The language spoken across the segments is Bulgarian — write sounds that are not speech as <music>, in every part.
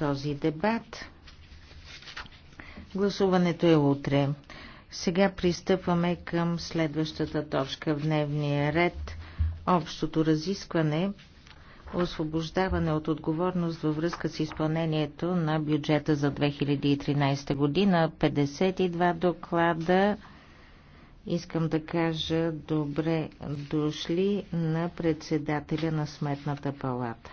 този дебат. Гласуването е утре. Сега пристъпваме към следващата точка в дневния ред. Общото разискване освобождаване от отговорност във връзка с изпълнението на бюджета за 2013 година. 52 доклада. Искам да кажа добре дошли на председателя на Сметната палата.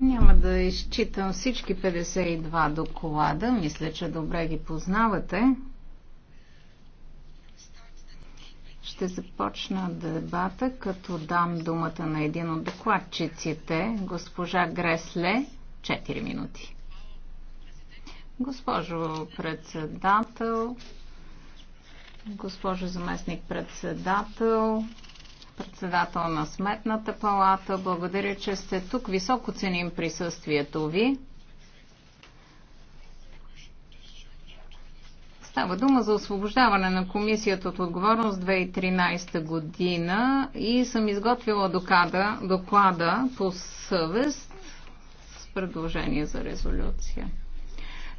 Няма да изчитам всички 52 доклада. Мисля, че добре ги познавате. Ще започна дебата, като дам думата на един от докладчиците, госпожа Гресле, 4 минути. Госпожо председател, госпожо заместник председател, председател на Сметната палата. Благодаря, че сте тук. Високо ценим присъствието ви. Става дума за освобождаване на комисията от отговорност 2013 година и съм изготвила доклада, доклада по съвест с предложение за резолюция.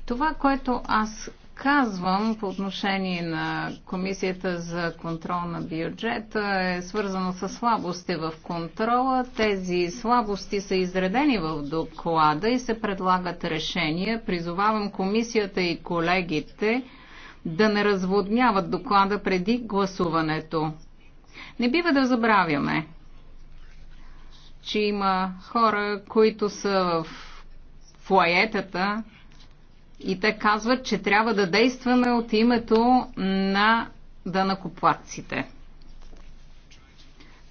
Това, което аз казвам по отношение на Комисията за контрол на бюджета е свързано с слабости в контрола. Тези слабости са изредени в доклада и се предлагат решения. Призовавам Комисията и колегите да не разводняват доклада преди гласуването. Не бива да забравяме, че има хора, които са в флаетата и те казват, че трябва да действаме от името на данакоплатците.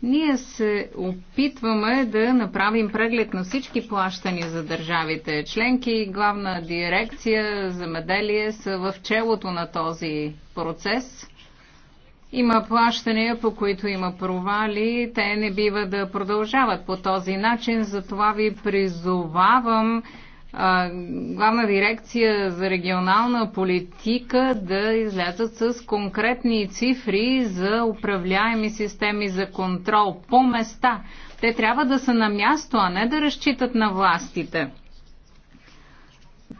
Ние се опитваме да направим преглед на всички плащани за държавите. Членки, и главна дирекция, замеделие са в челото на този процес. Има плащания, по които има провали. Те не бива да продължават по този начин. Затова ви призовавам главна дирекция за регионална политика да излязат с конкретни цифри за управляеми системи за контрол по места. Те трябва да са на място, а не да разчитат на властите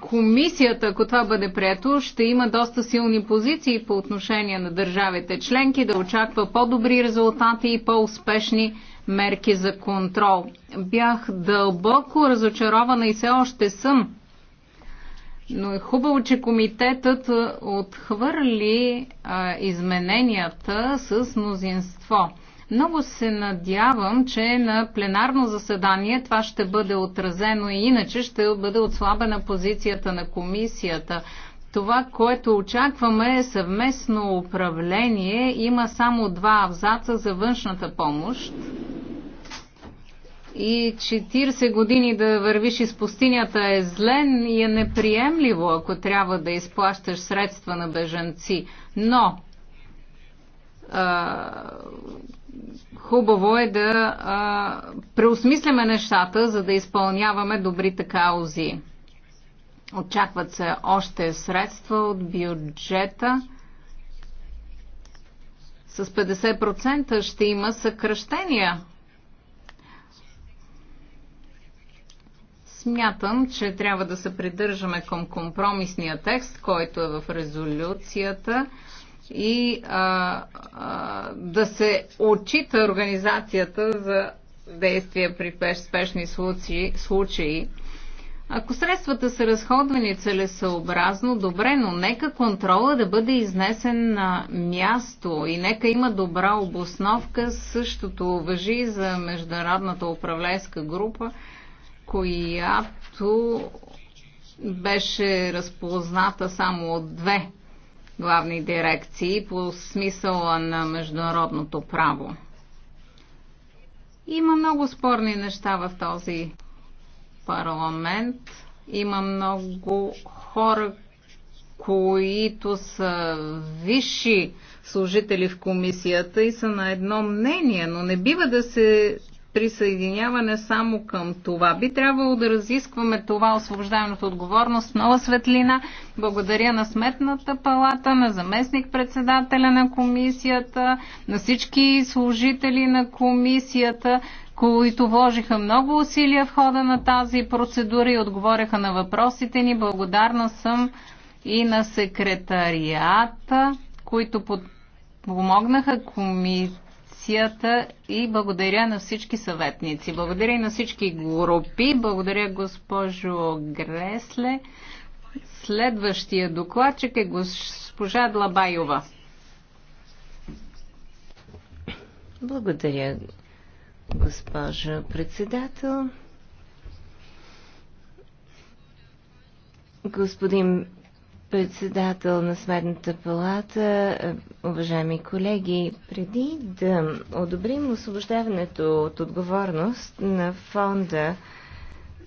комисията, ако това бъде прието, ще има доста силни позиции по отношение на държавите членки, да очаква по-добри резултати и по-успешни мерки за контрол. Бях дълбоко разочарована и все още съм. Но е хубаво, че комитетът отхвърли а, измененията с мнозинство. Много се надявам, че на пленарно заседание това ще бъде отразено и иначе ще бъде отслабена позицията на комисията. Това, което очакваме е съвместно управление. Има само два абзаца за външната помощ и 40 години да вървиш из пустинята е злен и е неприемливо, ако трябва да изплащаш средства на бежанци. Но а, хубаво е да а, преосмисляме нещата, за да изпълняваме добрите каузи. Очакват се още средства от бюджета. С 50% ще има съкръщения. Смятам, че трябва да се придържаме към компромисния текст, който е в резолюцията и а, а, да се отчита организацията за действия при спешни случаи. случаи. Ако средствата са разходвани целесъобразно, добре, но нека контрола да бъде изнесен на място и нека има добра обосновка. Същото въжи за Международната управленска група, която беше разпозната само от две главни дирекции по смисъла на международното право. Има много спорни неща в този парламент. Има много хора, които са висши служители в комисията и са на едно мнение, но не бива да се присъединяване само към това. Би трябвало да разискваме това освобождаването отговорност нова светлина. Благодаря на Сметната палата, на заместник-председателя на комисията, на всички служители на комисията, които вложиха много усилия в хода на тази процедура и отговоряха на въпросите ни. Благодарна съм и на секретарията, които помогнаха комисията комисията и благодаря на всички съветници. Благодаря и на всички групи. Благодаря госпожо Гресле. Следващия докладчик е госпожа Длабайова. Благодаря, госпожа председател. Господин председател на Сметната палата, е, уважаеми колеги, преди да одобрим освобождаването от отговорност на фонда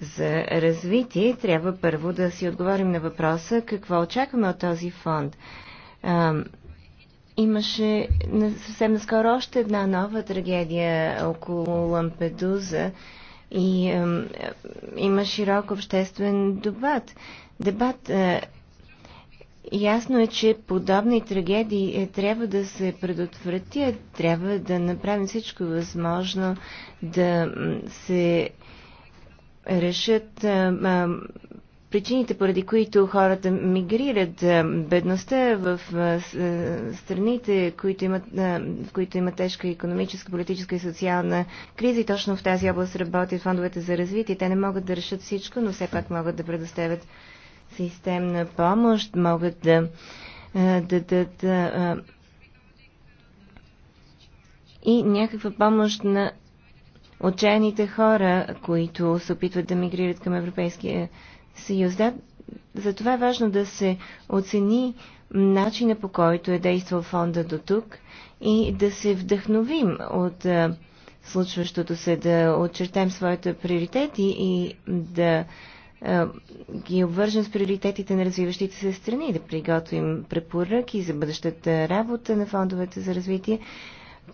за развитие, трябва първо да си отговорим на въпроса какво очакваме от този фонд. А, е, имаше съвсем наскоро още една нова трагедия около Лампедуза и а, има широк обществен дебат. Дебат а, е, Ясно е, че подобни трагедии е, трябва да се предотвратят, трябва да направим всичко възможно да се решат а, а, причините, поради които хората мигрират. Бедността в а, страните, които имат, а, в които има тежка економическа, политическа и социална криза и точно в тази област работят фондовете за развитие. Те не могат да решат всичко, но все пак могат да предоставят системна помощ, могат да дадат да, и някаква помощ на отчаяните хора, които се опитват да мигрират към Европейския съюз. Да, затова е важно да се оцени начина по който е действал фонда до тук и да се вдъхновим от случващото се, да очертаем своите приоритети и да е, ги обвържем с приоритетите на развиващите се страни, да приготвим препоръки за бъдещата работа на фондовете за развитие,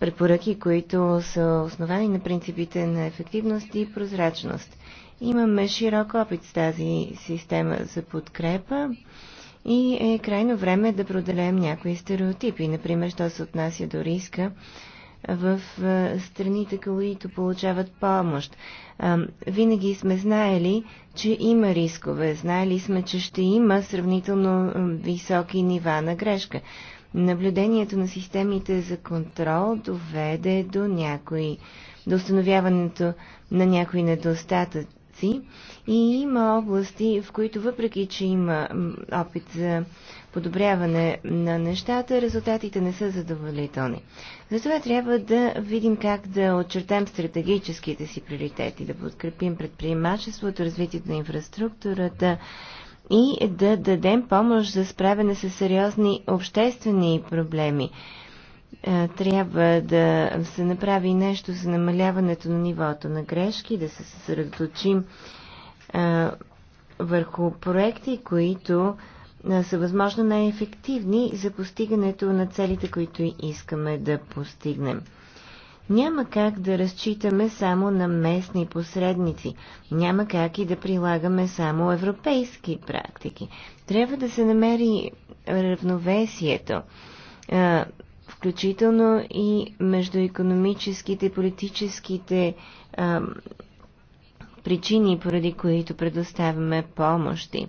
препоръки, които са основани на принципите на ефективност и прозрачност. Имаме широк опит с тази система за подкрепа и е крайно време да проделем някои стереотипи, например, що се отнася до риска в страните, които получават помощ. Винаги сме знаели, че има рискове. Знаели сме, че ще има сравнително високи нива на грешка. Наблюдението на системите за контрол доведе до някои до установяването на някои недостатъци облаци и има области, в които въпреки, че има опит за подобряване на нещата, резултатите не са задоволителни. Затова трябва да видим как да очертаем стратегическите си приоритети, да подкрепим предприемачеството, развитието на инфраструктурата и да дадем помощ за справяне с сериозни обществени проблеми е, трябва да се направи нещо за намаляването на нивото на грешки, да се съсредоточим е, върху проекти, които е, са възможно най-ефективни за постигането на целите, които искаме да постигнем. Няма как да разчитаме само на местни посредници. Няма как и да прилагаме само европейски практики. Трябва да се намери равновесието включително и между економическите и политическите а, причини, поради които предоставяме помощи.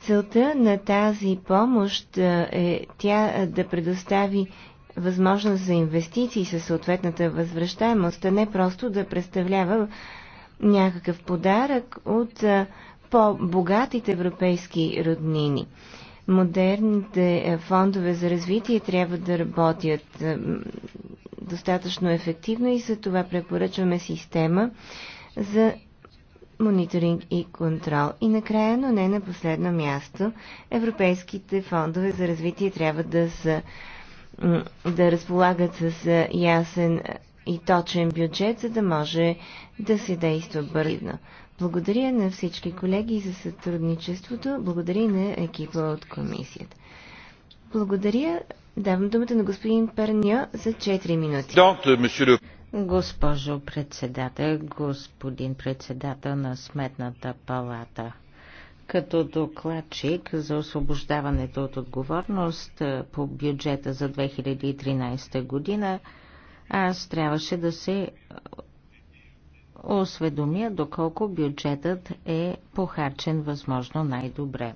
Целта на тази помощ е тя да предостави възможност за инвестиции със съответната възвръщаемост, а не просто да представлява някакъв подарък от по-богатите европейски роднини. Модерните е, фондове за развитие трябва да работят е, достатъчно ефективно и за това препоръчваме система за мониторинг и контрол. И накрая, но не на последно място, европейските фондове за развитие трябва да са да разполагат с е, ясен и точен бюджет, за да може да се действа бързо. Благодаря на всички колеги за сътрудничеството. Благодаря и на екипа от комисията. Благодаря. Давам думата на господин Перньо за 4 минути. Uh, Госпожо председател, господин председател на Сметната палата, като докладчик за освобождаването от отговорност по бюджета за 2013 година, аз трябваше да се осведомя доколко бюджетът е похарчен възможно най-добре.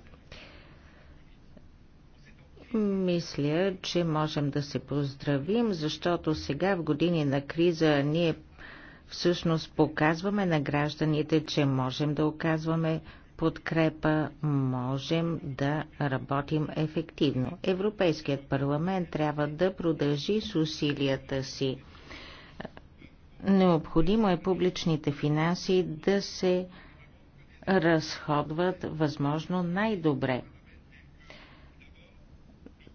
Мисля, че можем да се поздравим, защото сега в години на криза ние всъщност показваме на гражданите, че можем да оказваме подкрепа, можем да работим ефективно. Европейският парламент трябва да продължи с усилията си Необходимо е публичните финанси да се разходват възможно най-добре.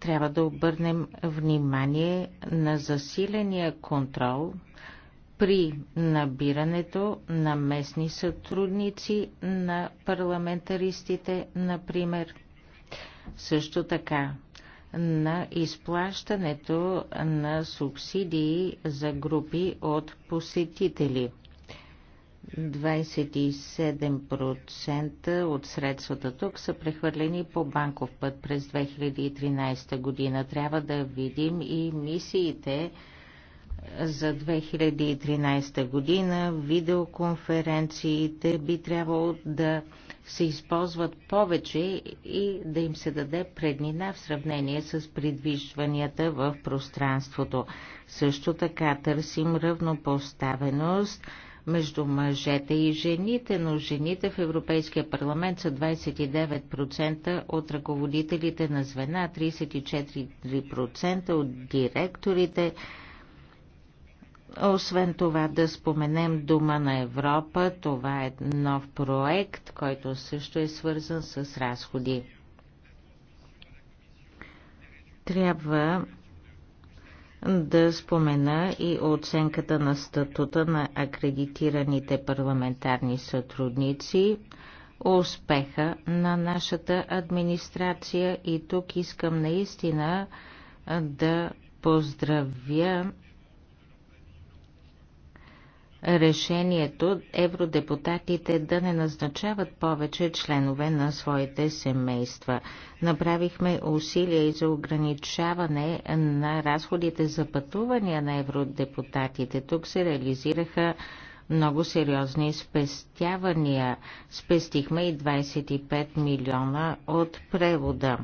Трябва да обърнем внимание на засиления контрол при набирането на местни сътрудници на парламентаристите, например. Също така на изплащането на субсидии за групи от посетители. 27% от средствата тук са прехвърлени по банков път през 2013 година. Трябва да видим и мисиите за 2013 година, видеоконференциите би трябвало да се използват повече и да им се даде преднина в сравнение с придвижванията в пространството. Също така търсим равнопоставеност между мъжете и жените, но жените в Европейския парламент са 29% от ръководителите на звена, 34% от директорите, освен това да споменем Дума на Европа, това е нов проект, който също е свързан с разходи. Трябва да спомена и оценката на статута на акредитираните парламентарни сътрудници, успеха на нашата администрация и тук искам наистина да поздравя решението евродепутатите да не назначават повече членове на своите семейства. Направихме усилия и за ограничаване на разходите за пътувания на евродепутатите. Тук се реализираха много сериозни спестявания. Спестихме и 25 милиона от превода.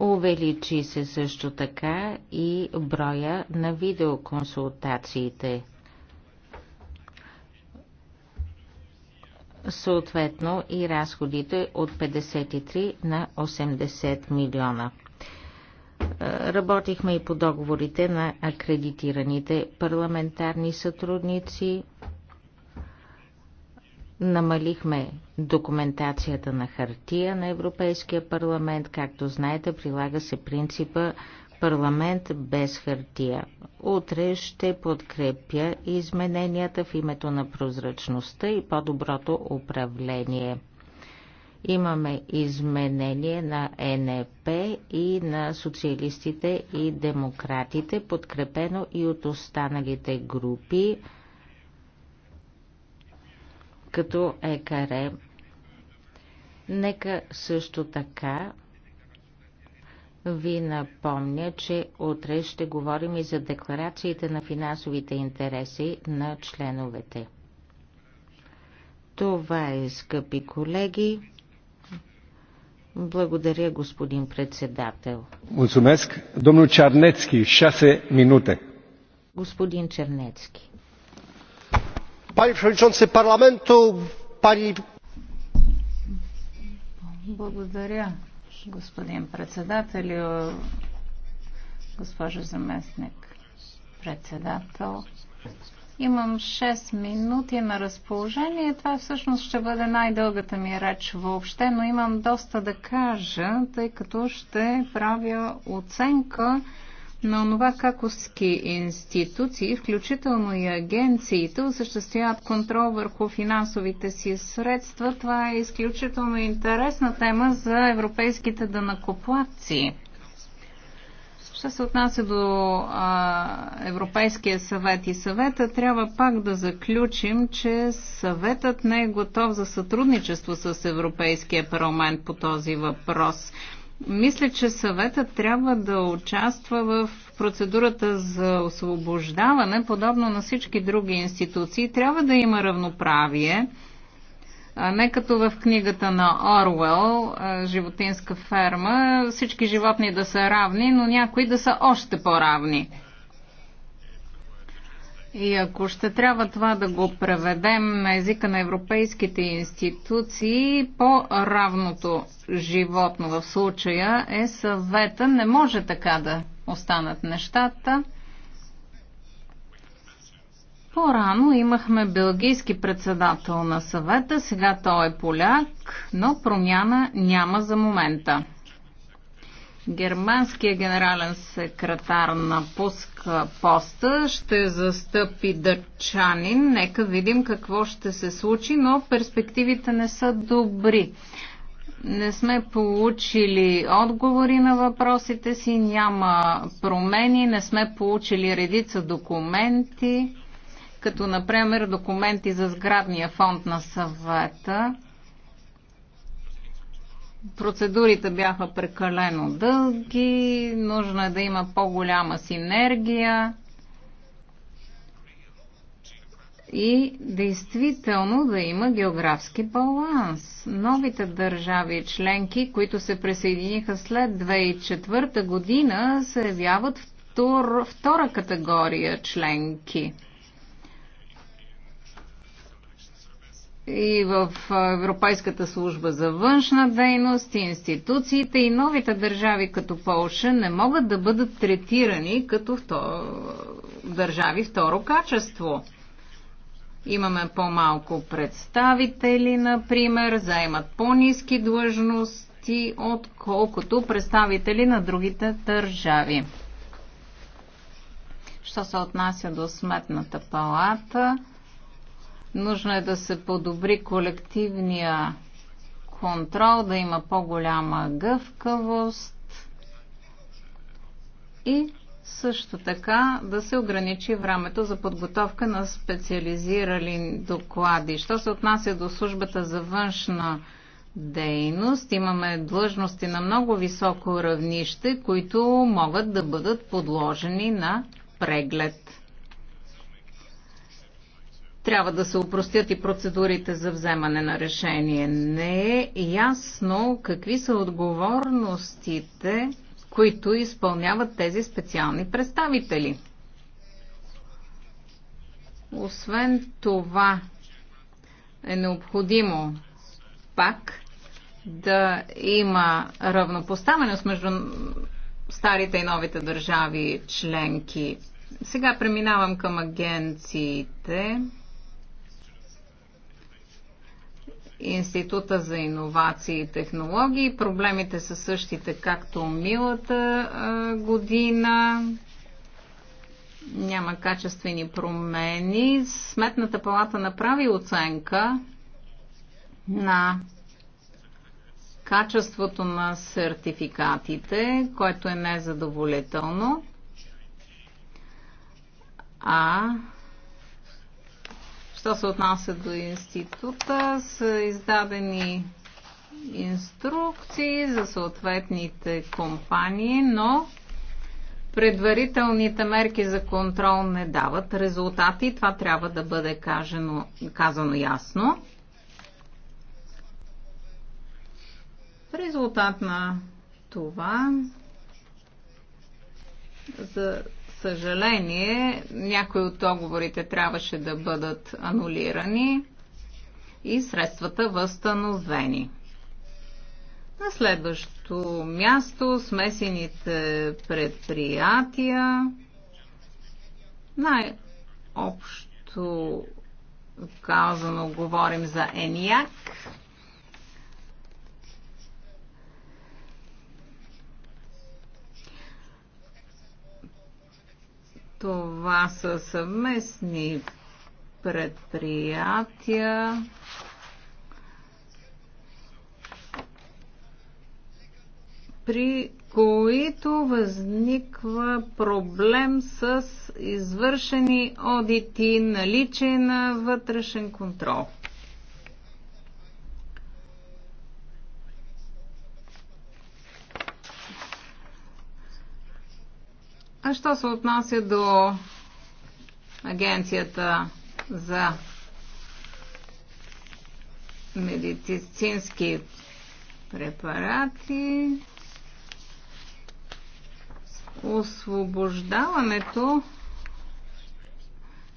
Увеличи се също така и броя на видеоконсултациите. Съответно и разходите от 53 на 80 милиона. Работихме и по договорите на акредитираните парламентарни сътрудници – Намалихме документацията на хартия на Европейския парламент. Както знаете, прилага се принципа парламент без хартия. Утре ще подкрепя измененията в името на прозрачността и по-доброто управление. Имаме изменение на НЕП и на социалистите и демократите, подкрепено и от останалите групи като екаре. Нека също така ви напомня, че утре ще говорим и за декларациите на финансовите интереси на членовете. Това е, скъпи колеги. Благодаря, господин председател. Мулцумеск. домно Чарнецки, 6 минути. Господин Чернецки panie przewodniczący parlamentu pani благодаря, господин председател, госпожо заместник председател. Имам 6 минути на разположение. Това всъщност ще бъде най-дългата ми реч въобще, но имам доста да кажа, тъй като ще правя оценка на това как уски институции, включително и агенциите, осъществяват контрол върху финансовите си средства. Това е изключително интересна тема за европейските данакоплатци. Що се отнася до а, Европейския съвет и съвета, трябва пак да заключим, че съветът не е готов за сътрудничество с Европейския парламент по този въпрос. Мисля, че съветът трябва да участва в процедурата за освобождаване, подобно на всички други институции. Трябва да има равноправие, не като в книгата на Орвел, Животинска ферма, всички животни да са равни, но някои да са още по-равни. И ако ще трябва това да го преведем на езика на европейските институции, по-равното животно в случая е съвета. Не може така да останат нещата. По-рано имахме белгийски председател на съвета, сега той е поляк, но промяна няма за момента. Германския генерален секретар напуска поста, ще застъпи дъчанин. Нека видим какво ще се случи, но перспективите не са добри. Не сме получили отговори на въпросите си, няма промени, не сме получили редица документи, като например документи за сградния фонд на съвета Процедурите бяха прекалено дълги, нужно е да има по-голяма синергия и действително да има географски баланс. Новите държави членки, които се присъединиха след 2004 година, се явяват втор, втора категория членки – и в Европейската служба за външна дейност, и институциите и новите държави като Полша не могат да бъдат третирани като държави второ качество. Имаме по-малко представители, например, заемат по-низки длъжности, отколкото представители на другите държави. Що се отнася до сметната палата – Нужно е да се подобри колективния контрол, да има по-голяма гъвкавост и също така да се ограничи времето за подготовка на специализирали доклади. Що се отнася до службата за външна дейност, имаме длъжности на много високо равнище, които могат да бъдат подложени на преглед. Трябва да се упростят и процедурите за вземане на решение. Не е ясно какви са отговорностите, които изпълняват тези специални представители. Освен това, е необходимо пак да има равнопоставеност между старите и новите държави членки. Сега преминавам към агенциите. Института за иновации и технологии. Проблемите са същите както милата година. Няма качествени промени. Сметната палата направи оценка на качеството на сертификатите, което е незадоволително. А Що се отнася до института, са издадени инструкции за съответните компании, но предварителните мерки за контрол не дават резултати. Това трябва да бъде кажено, казано ясно. В резултат на това за съжаление, някои от договорите трябваше да бъдат анулирани и средствата възстановени. На следващото място смесените предприятия. Най-общо казано говорим за ЕНИАК. Това са съвместни предприятия. при които възниква проблем с извършени одити, наличие на вътрешен контрол. А що се отнася до Агенцията за медицински препарати, освобождаването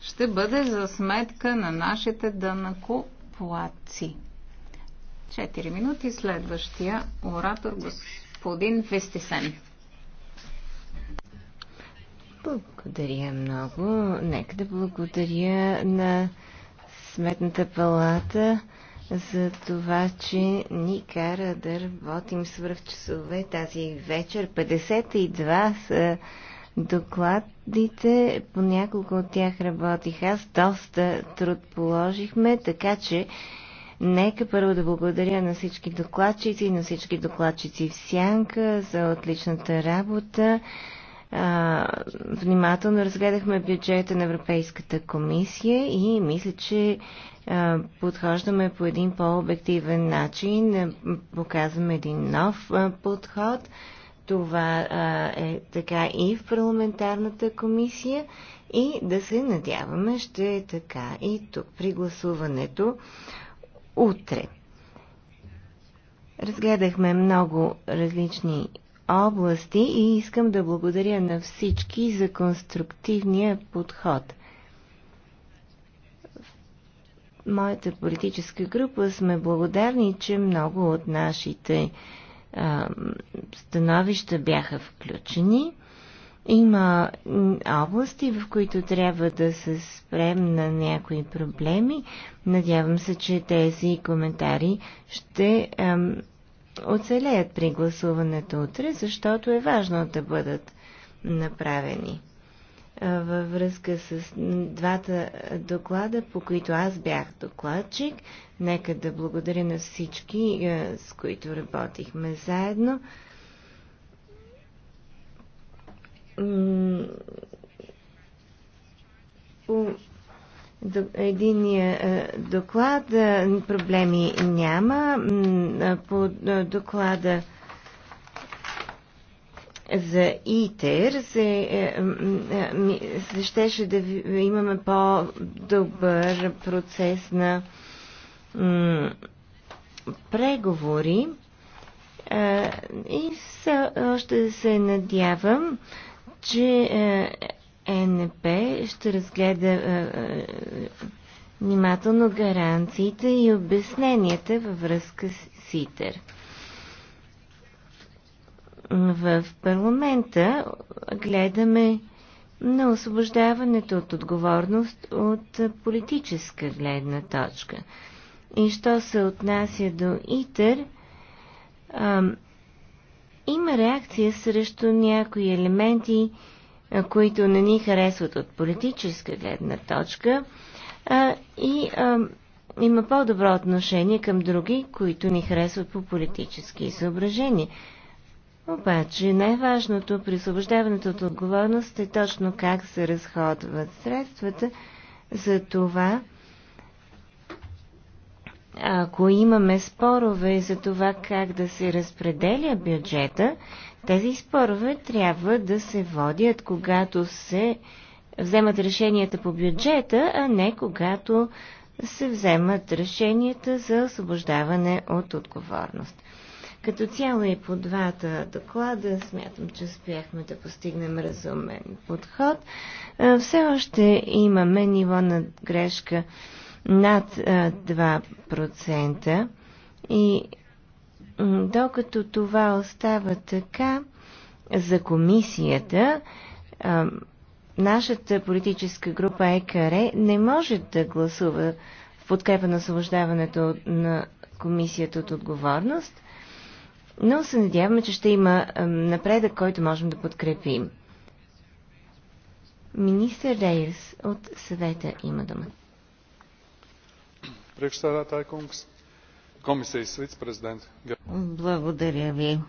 ще бъде за сметка на нашите дънакоплаци. Четири минути следващия оратор господин Вестисен. Благодаря много. Нека да благодаря на Сметната палата за това, че ни кара да работим часове тази вечер. 52 са докладите, по няколко от тях работих аз, доста труд положихме, така че нека първо да благодаря на всички докладчици, на всички докладчици в Сянка за отличната работа внимателно разгледахме бюджета на Европейската комисия и мисля, че подхождаме по един по-обективен начин, показваме един нов подход. Това е така и в парламентарната комисия и да се надяваме ще е така и тук при гласуването утре. Разгледахме много различни области и искам да благодаря на всички за конструктивния подход. В моята политическа група сме благодарни, че много от нашите а, становища бяха включени. Има области, в които трябва да се спрем на някои проблеми. Надявам се, че тези коментари ще оцелеят при гласуването утре, защото е важно да бъдат направени. Във връзка с двата доклада, по които аз бях докладчик, нека да благодаря на всички, с които работихме заедно по единия е, доклад е, проблеми няма. Е, по доклада за ИТЕР се, се щеше да имаме по-добър процес на преговори и все още се надявам, че ЕНП ще разгледа е, е, внимателно гаранциите и обясненията във връзка с СИТЕР. В парламента гледаме на освобождаването от отговорност от политическа гледна точка. И що се отнася до ИТЕР, има реакция срещу някои елементи, които не ни харесват от политическа гледна точка а, и а, има по-добро отношение към други, които ни харесват по политически съображения. Обаче най-важното при освобождаването от отговорност е точно как се разходват средствата. За това, ако имаме спорове за това как да се разпределя бюджета, тези спорове трябва да се водят, когато се вземат решенията по бюджета, а не когато се вземат решенията за освобождаване от отговорност. Като цяло и по двата доклада смятам, че успяхме да постигнем разумен подход. Все още имаме ниво на грешка над 2% и докато това остава така, за комисията нашата политическа група ЕКАРЕ не може да гласува в подкрепа на освобождаването на комисията от отговорност, но се надяваме, че ще има напредък, който можем да подкрепим. Министър Рейс от съвета има дума. Председател Комисия президент. Благодаря ви.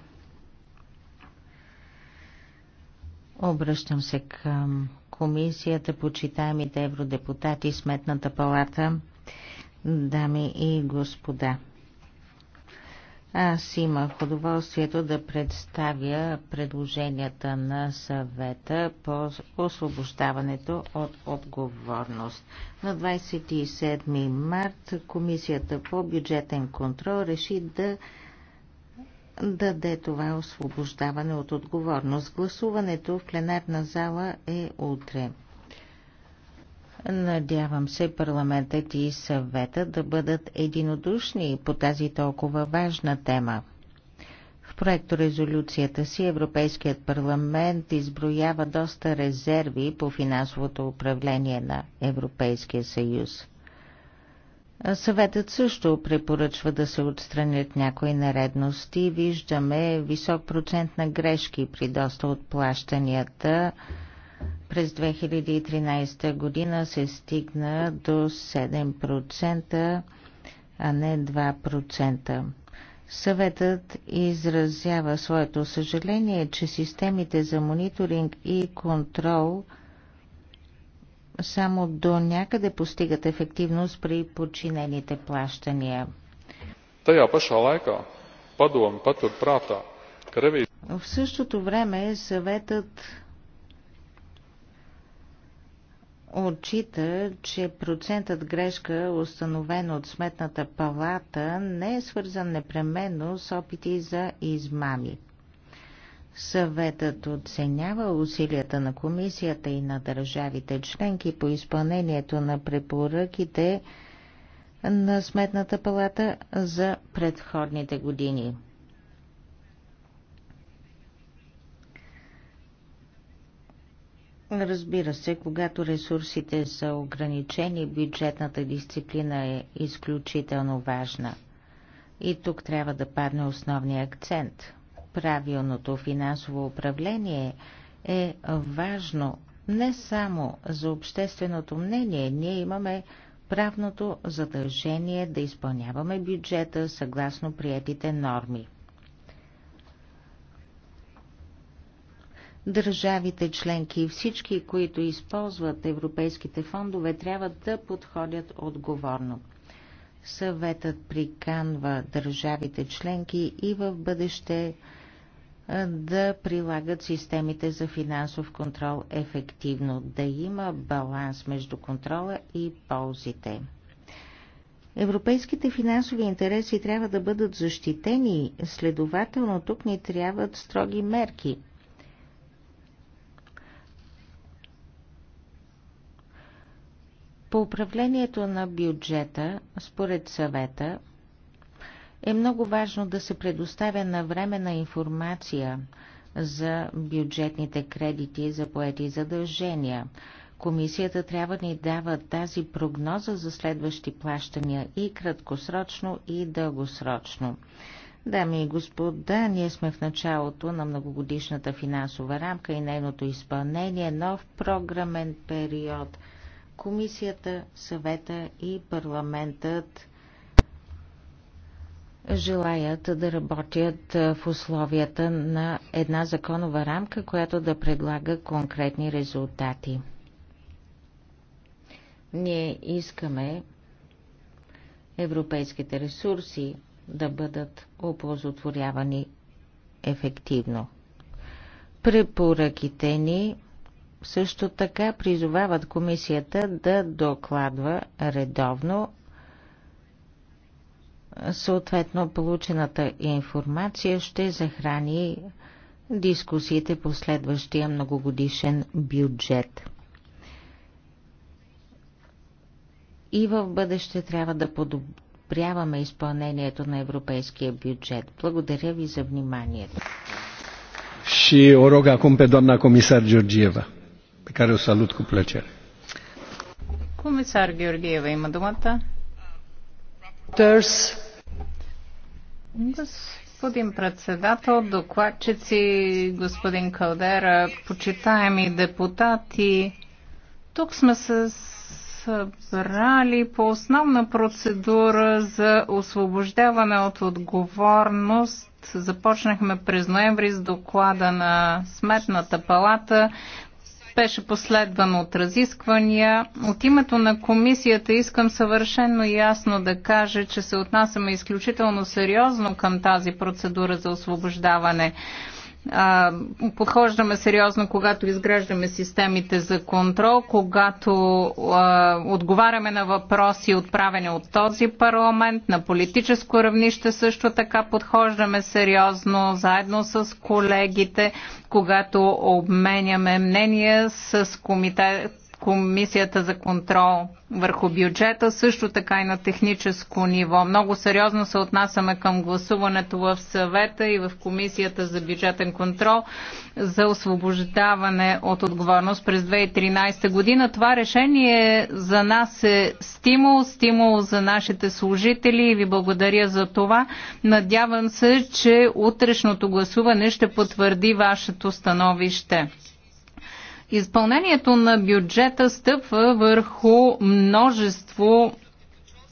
Обръщам се към комисията, почитаемите евродепутати, Сметната палата, дами и господа. Аз имах удоволствието да представя предложенията на съвета по освобождаването от отговорност. На 27 март Комисията по бюджетен контрол реши да даде това освобождаване от отговорност. Гласуването в пленарна зала е утре. Надявам се парламентът и съвета да бъдат единодушни по тази толкова важна тема. В проекторезолюцията си Европейският парламент изброява доста резерви по финансовото управление на Европейския съюз. Съветът също препоръчва да се отстранят някои наредности. Виждаме висок процент на грешки при доста от плащанията. През 2013 година се стигна до 7%, а не 2%. Съветът изразява своето съжаление, че системите за мониторинг и контрол само до някъде постигат ефективност при подчинените плащания. Тая паша лайка, падувам патур прата, В същото време съветът отчита, че процентът грешка, установен от Сметната палата, не е свързан непременно с опити за измами. Съветът оценява усилията на комисията и на държавите членки по изпълнението на препоръките на Сметната палата за предходните години. Разбира се, когато ресурсите са ограничени, бюджетната дисциплина е изключително важна. И тук трябва да падне основния акцент. Правилното финансово управление е важно не само за общественото мнение. Ние имаме правното задължение да изпълняваме бюджета съгласно приятите норми. Държавите членки и всички, които използват европейските фондове, трябва да подходят отговорно. Съветът приканва държавите членки и в бъдеще да прилагат системите за финансов контрол ефективно, да има баланс между контрола и ползите. Европейските финансови интереси трябва да бъдат защитени, следователно тук ни трябват строги мерки – По управлението на бюджета, според съвета, е много важно да се предоставя навременна информация за бюджетните кредити за поети задължения. Комисията трябва да ни дава тази прогноза за следващи плащания и краткосрочно, и дългосрочно. Дами и господа, ние сме в началото на многогодишната финансова рамка и нейното изпълнение, нов програмен период – Комисията, съвета и парламентът желаят да работят в условията на една законова рамка, която да предлага конкретни резултати. Ние искаме европейските ресурси да бъдат оползотворявани ефективно. Препоръките ни също така призовават комисията да докладва редовно съответно получената информация ще захрани дискусиите по следващия многогодишен бюджет. И в бъдеще трябва да подобряваме изпълнението на европейския бюджет. Благодаря ви за вниманието. Și o rog acum pe doamna comisar Georgieva care o salut cu plăcere. Comisar Георгиева има думата. Господин председател, докладчици, господин Калдера, почитаеми депутати, тук сме се събрали по основна процедура за освобождаване от отговорност. Започнахме през ноември с доклада на Сметната палата беше последвано от разисквания. От името на комисията искам съвършенно ясно да кажа, че се отнасяме изключително сериозно към тази процедура за освобождаване а, подхождаме сериозно, когато изграждаме системите за контрол, когато а, отговаряме на въпроси, отправени от този парламент, на политическо равнище също така подхождаме сериозно, заедно с колегите, когато обменяме мнения с комитет Комисията за контрол върху бюджета, също така и на техническо ниво. Много сериозно се отнасяме към гласуването в съвета и в Комисията за бюджетен контрол за освобождаване от отговорност през 2013 година. Това решение за нас е стимул, стимул за нашите служители и ви благодаря за това. Надявам се, че утрешното гласуване ще потвърди вашето становище. Изпълнението на бюджета стъпва върху множество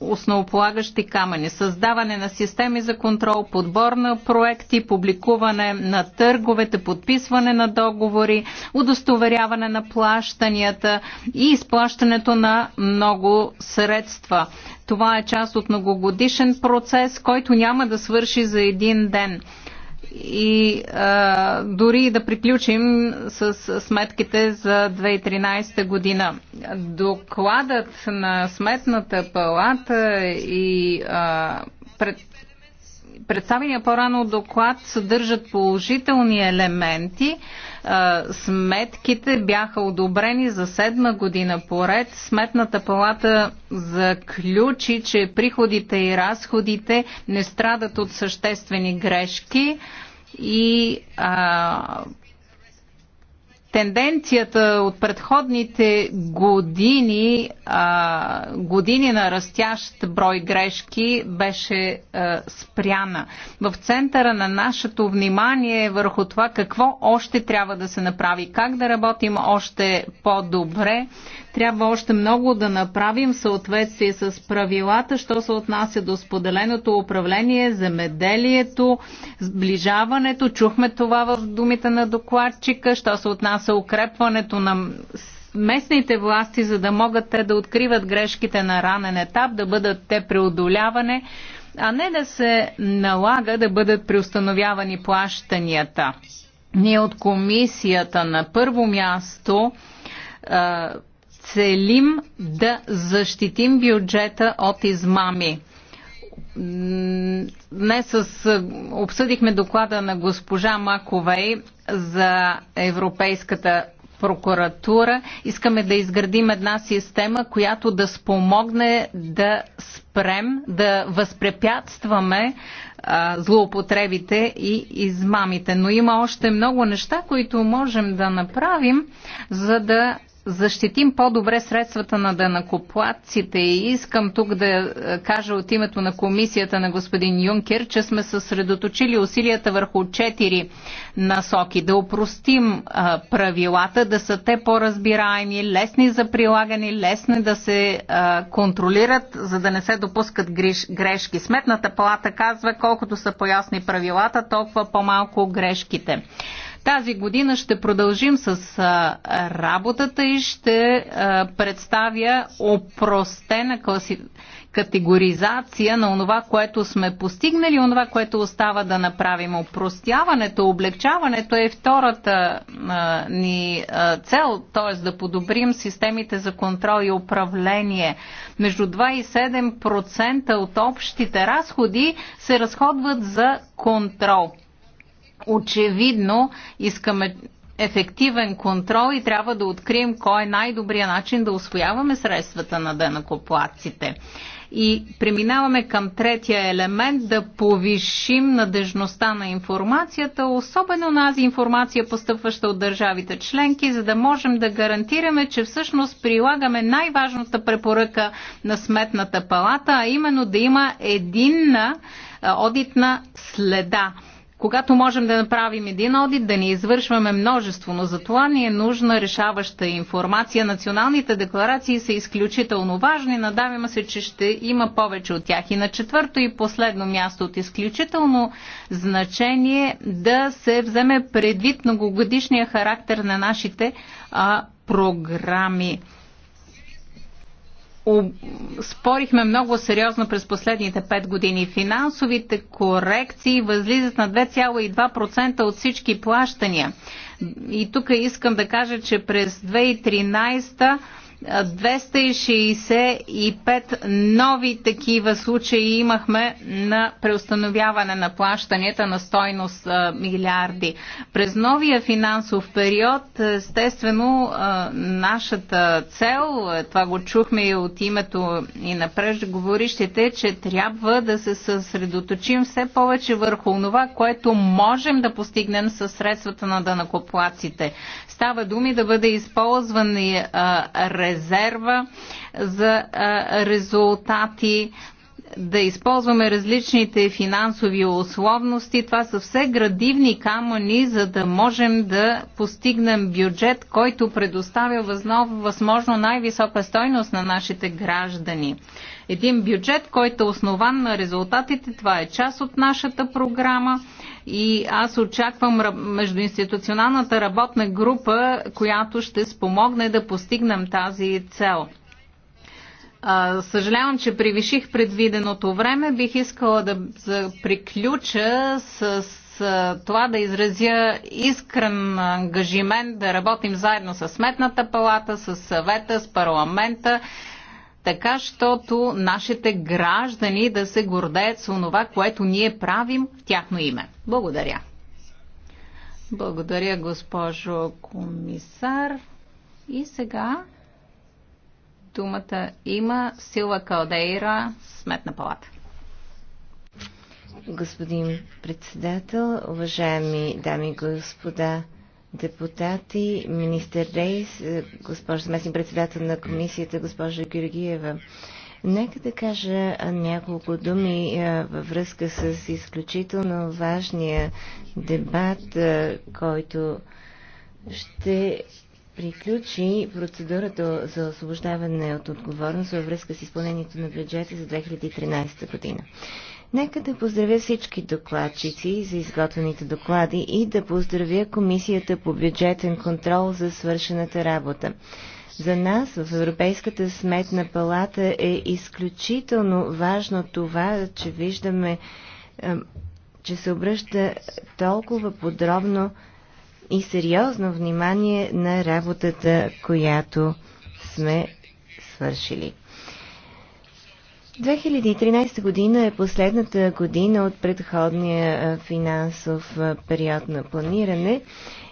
основополагащи камъни. Създаване на системи за контрол, подбор на проекти, публикуване на търговете, подписване на договори, удостоверяване на плащанията и изплащането на много средства. Това е част от многогодишен процес, който няма да свърши за един ден и а, дори да приключим с сметките за 2013 година. Докладът на Сметната палата и а, пред представения по-рано доклад съдържат положителни елементи. Е, сметките бяха одобрени за седма година поред. Сметната палата заключи, че приходите и разходите не страдат от съществени грешки и а, тенденцията от предходните години, а, години на растящ брой грешки, беше а, спряна. В центъра на нашето внимание е върху това какво още трябва да се направи, как да работим още по-добре. Трябва още много да направим в съответствие с правилата, що се отнася до споделеното управление, земеделието, сближаването. Чухме това в думите на докладчика, що се отнася са укрепването на местните власти, за да могат те да откриват грешките на ранен етап, да бъдат те преодоляване, а не да се налага да бъдат преустановявани плащанията. Ние от комисията на първо място целим да защитим бюджета от измами. Днес с, обсъдихме доклада на госпожа Маковей за Европейската прокуратура. Искаме да изградим една система, която да спомогне да спрем, да възпрепятстваме а, злоупотребите и измамите. Но има още много неща, които можем да направим, за да защитим по-добре средствата на данакоплатците и искам тук да е, кажа от името на комисията на господин Юнкер, че сме съсредоточили усилията върху четири насоки. Да упростим а, е, правилата, да са те по-разбираеми, лесни за прилагане, лесни да се а, е, контролират, за да не се допускат греш, грешки. Сметната палата казва, колкото са по-ясни правилата, толкова по-малко грешките. Тази година ще продължим с а, работата и ще а, представя опростена класи... категоризация на онова, което сме постигнали, онова, което остава да направим. Опростяването, облегчаването е втората а, ни а, цел, т.е. да подобрим системите за контрол и управление. Между 2 и 7% от общите разходи се разходват за контрол очевидно искаме ефективен контрол и трябва да открием кой е най-добрия начин да освояваме средствата на дънакоплаците. И преминаваме към третия елемент да повишим надежността на информацията, особено на тази информация, постъпваща от държавите членки, за да можем да гарантираме, че всъщност прилагаме най-важната препоръка на Сметната палата, а именно да има единна одитна следа когато можем да направим един одит, да ни извършваме множество, но за това ни е нужна решаваща информация. Националните декларации са изключително важни, надаваме се, че ще има повече от тях. И на четвърто и последно място от изключително значение да се вземе предвид многогодишния характер на нашите а, програми спорихме много сериозно през последните 5 години. Финансовите корекции възлизат на 2,2% от всички плащания. И тук искам да кажа, че през 2013 265 нови такива случаи имахме на преустановяване на плащанията на стойност милиарди. През новия финансов период, естествено, нашата цел, това го чухме и от името и на преждеговорищите, че трябва да се съсредоточим все повече върху това, което можем да постигнем със средствата на данакоплаците. Става думи да бъде използван и резерва за резултати, да използваме различните финансови условности. Това са все градивни камъни, за да можем да постигнем бюджет, който предоставя възнов, възможно най-висока стойност на нашите граждани. Един бюджет, който е основан на резултатите, това е част от нашата програма. И аз очаквам междуинституционалната работна група, която ще спомогне да постигнем тази цел. Съжалявам, че превиших предвиденото време. Бих искала да приключа с това да изразя искрен ангажимент да работим заедно с Сметната палата, с съвета, с парламента така, щото нашите граждани да се гордеят с това, което ние правим в тяхно име. Благодаря. Благодаря, госпожо комисар. И сега думата има Сила Калдейра, Сметна палата. Господин председател, уважаеми дами и господа, депутати, министър Рейс, е, госпожа заместник председател на комисията, госпожа Георгиева. Нека да кажа няколко думи във връзка с изключително важния дебат, който ще приключи процедурата за освобождаване от отговорност във връзка с изпълнението на бюджета за 2013 година. Нека да поздравя всички докладчици за изготвените доклади и да поздравя Комисията по бюджетен контрол за свършената работа. За нас в Европейската сметна палата е изключително важно това, че виждаме, че се обръща толкова подробно и сериозно внимание на работата, която сме свършили. 2013 година е последната година от предходния финансов период на планиране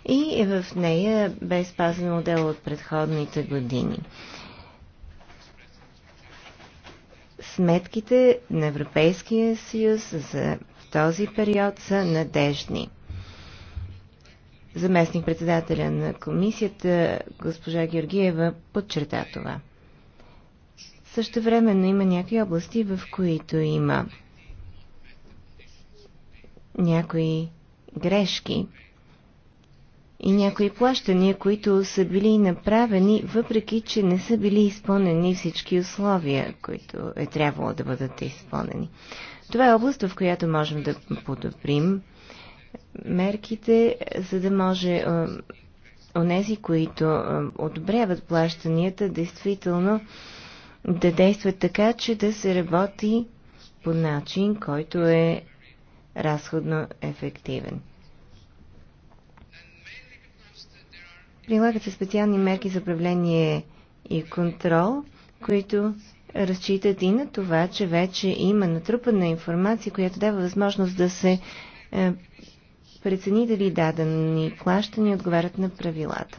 и е в нея бе спазен модел от предходните години. Сметките на Европейския съюз за този период са надежни. Заместник председателя на комисията госпожа Георгиева подчерта това. Също времено има някои области, в които има някои грешки и някои плащания, които са били направени, въпреки че не са били изпълнени всички условия, които е трябвало да бъдат изпълнени. Това е област, в която можем да подобрим мерките, за да може онези, които одобряват плащанията, действително да действат така, че да се работи по начин, който е разходно ефективен. Прилагат се специални мерки за управление и контрол, които разчитат и на това, че вече има натрупана информация, която дава възможност да се е, прецени дали дадени плащания отговарят на правилата.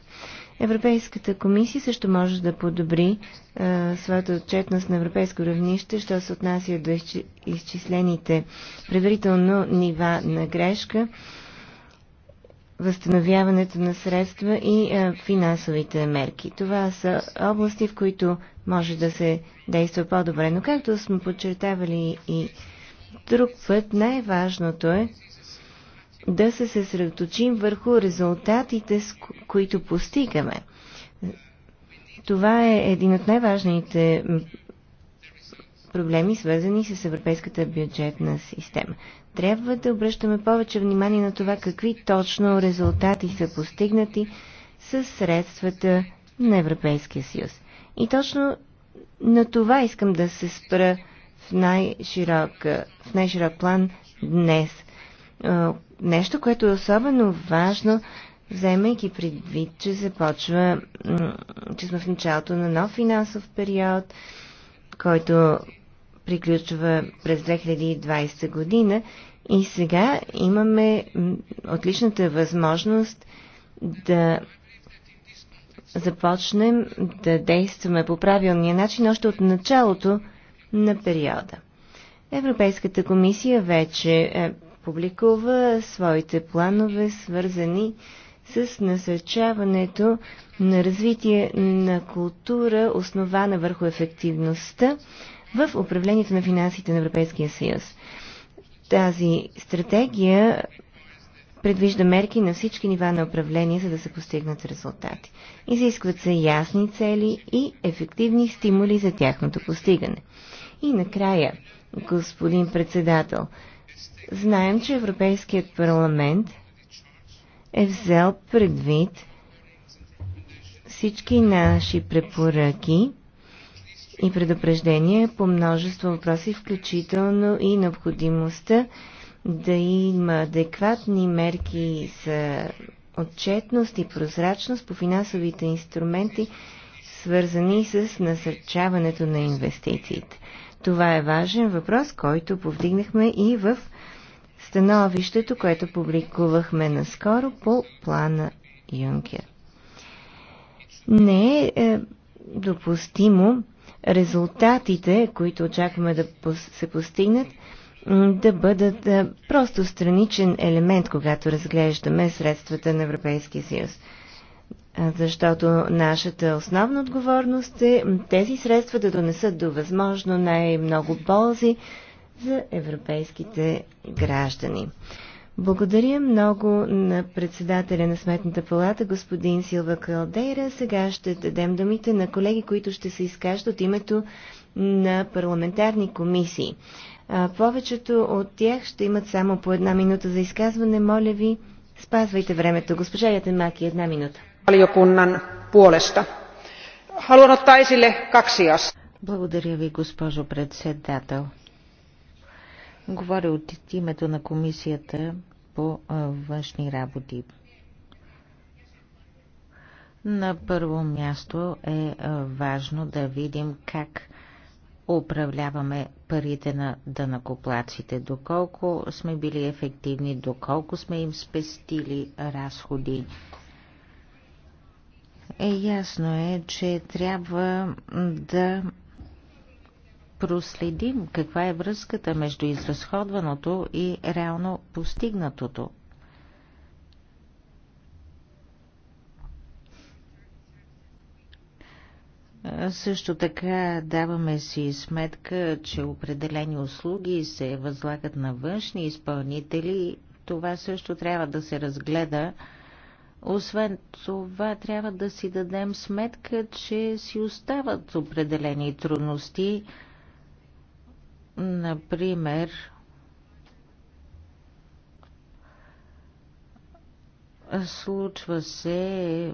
Европейската комисия също може да подобри а, е, своята отчетност на европейско равнище, що се отнася до изчислените предварително нива на грешка, възстановяването на средства и а, е, финансовите мерки. Това са области, в които може да се действа по-добре. Но както сме подчертавали и друг път, най-важното е да се съсредоточим върху резултатите, с които постигаме. Това е един от най-важните проблеми, свързани с европейската бюджетна система. Трябва да обръщаме повече внимание на това какви точно резултати са постигнати с средствата на Европейския съюз. И точно на това искам да се спра в най-широк, в най-широк план днес – нещо, което е особено важно, вземайки предвид, че започва, че сме в началото на нов финансов период, който приключва през 2020 година и сега имаме отличната възможност да започнем да действаме по правилния начин още от началото на периода. Европейската комисия вече е, публикува своите планове, свързани с насърчаването на развитие на култура, основана върху ефективността в управлението на финансите на Европейския съюз. Тази стратегия предвижда мерки на всички нива на управление, за да се постигнат резултати. Изискват се ясни цели и ефективни стимули за тяхното постигане. И накрая, господин председател, Знаем, че Европейският парламент е взел предвид всички наши препоръки и предупреждения по множество въпроси, включително и необходимостта да има адекватни мерки за отчетност и прозрачност по финансовите инструменти, свързани с насърчаването на инвестициите. Това е важен въпрос, който повдигнахме и в становището, което публикувахме наскоро по плана Юнкер. Не е, е допустимо резултатите, които очакваме да се постигнат, да бъдат е, просто страничен елемент, когато разглеждаме средствата на Европейския съюз защото нашата основна отговорност е тези средства да донесат до възможно най-много ползи за европейските граждани. Благодаря много на председателя на Сметната палата, господин Силва Калдейра. Сега ще дадем думите на колеги, които ще се изкажат от името на парламентарни комисии. А, повечето от тях ще имат само по една минута за изказване. Моля ви, спазвайте времето. Госпожа Ятенмаки, една минута valiokunnan puolesta. Haluan ottaa esille kaksi asiaa. Благодаря ви, госпожо председател. Говоря от името на комисията по външни работи. На първо място е важно да видим как управляваме парите на дънакоплаците, доколко сме били ефективни, доколко сме им спестили разходи е ясно е, че трябва да проследим каква е връзката между изразходваното и реално постигнатото. Също така даваме си сметка, че определени услуги се възлагат на външни изпълнители. Това също трябва да се разгледа освен това, трябва да си дадем сметка, че си остават определени трудности. Например, случва се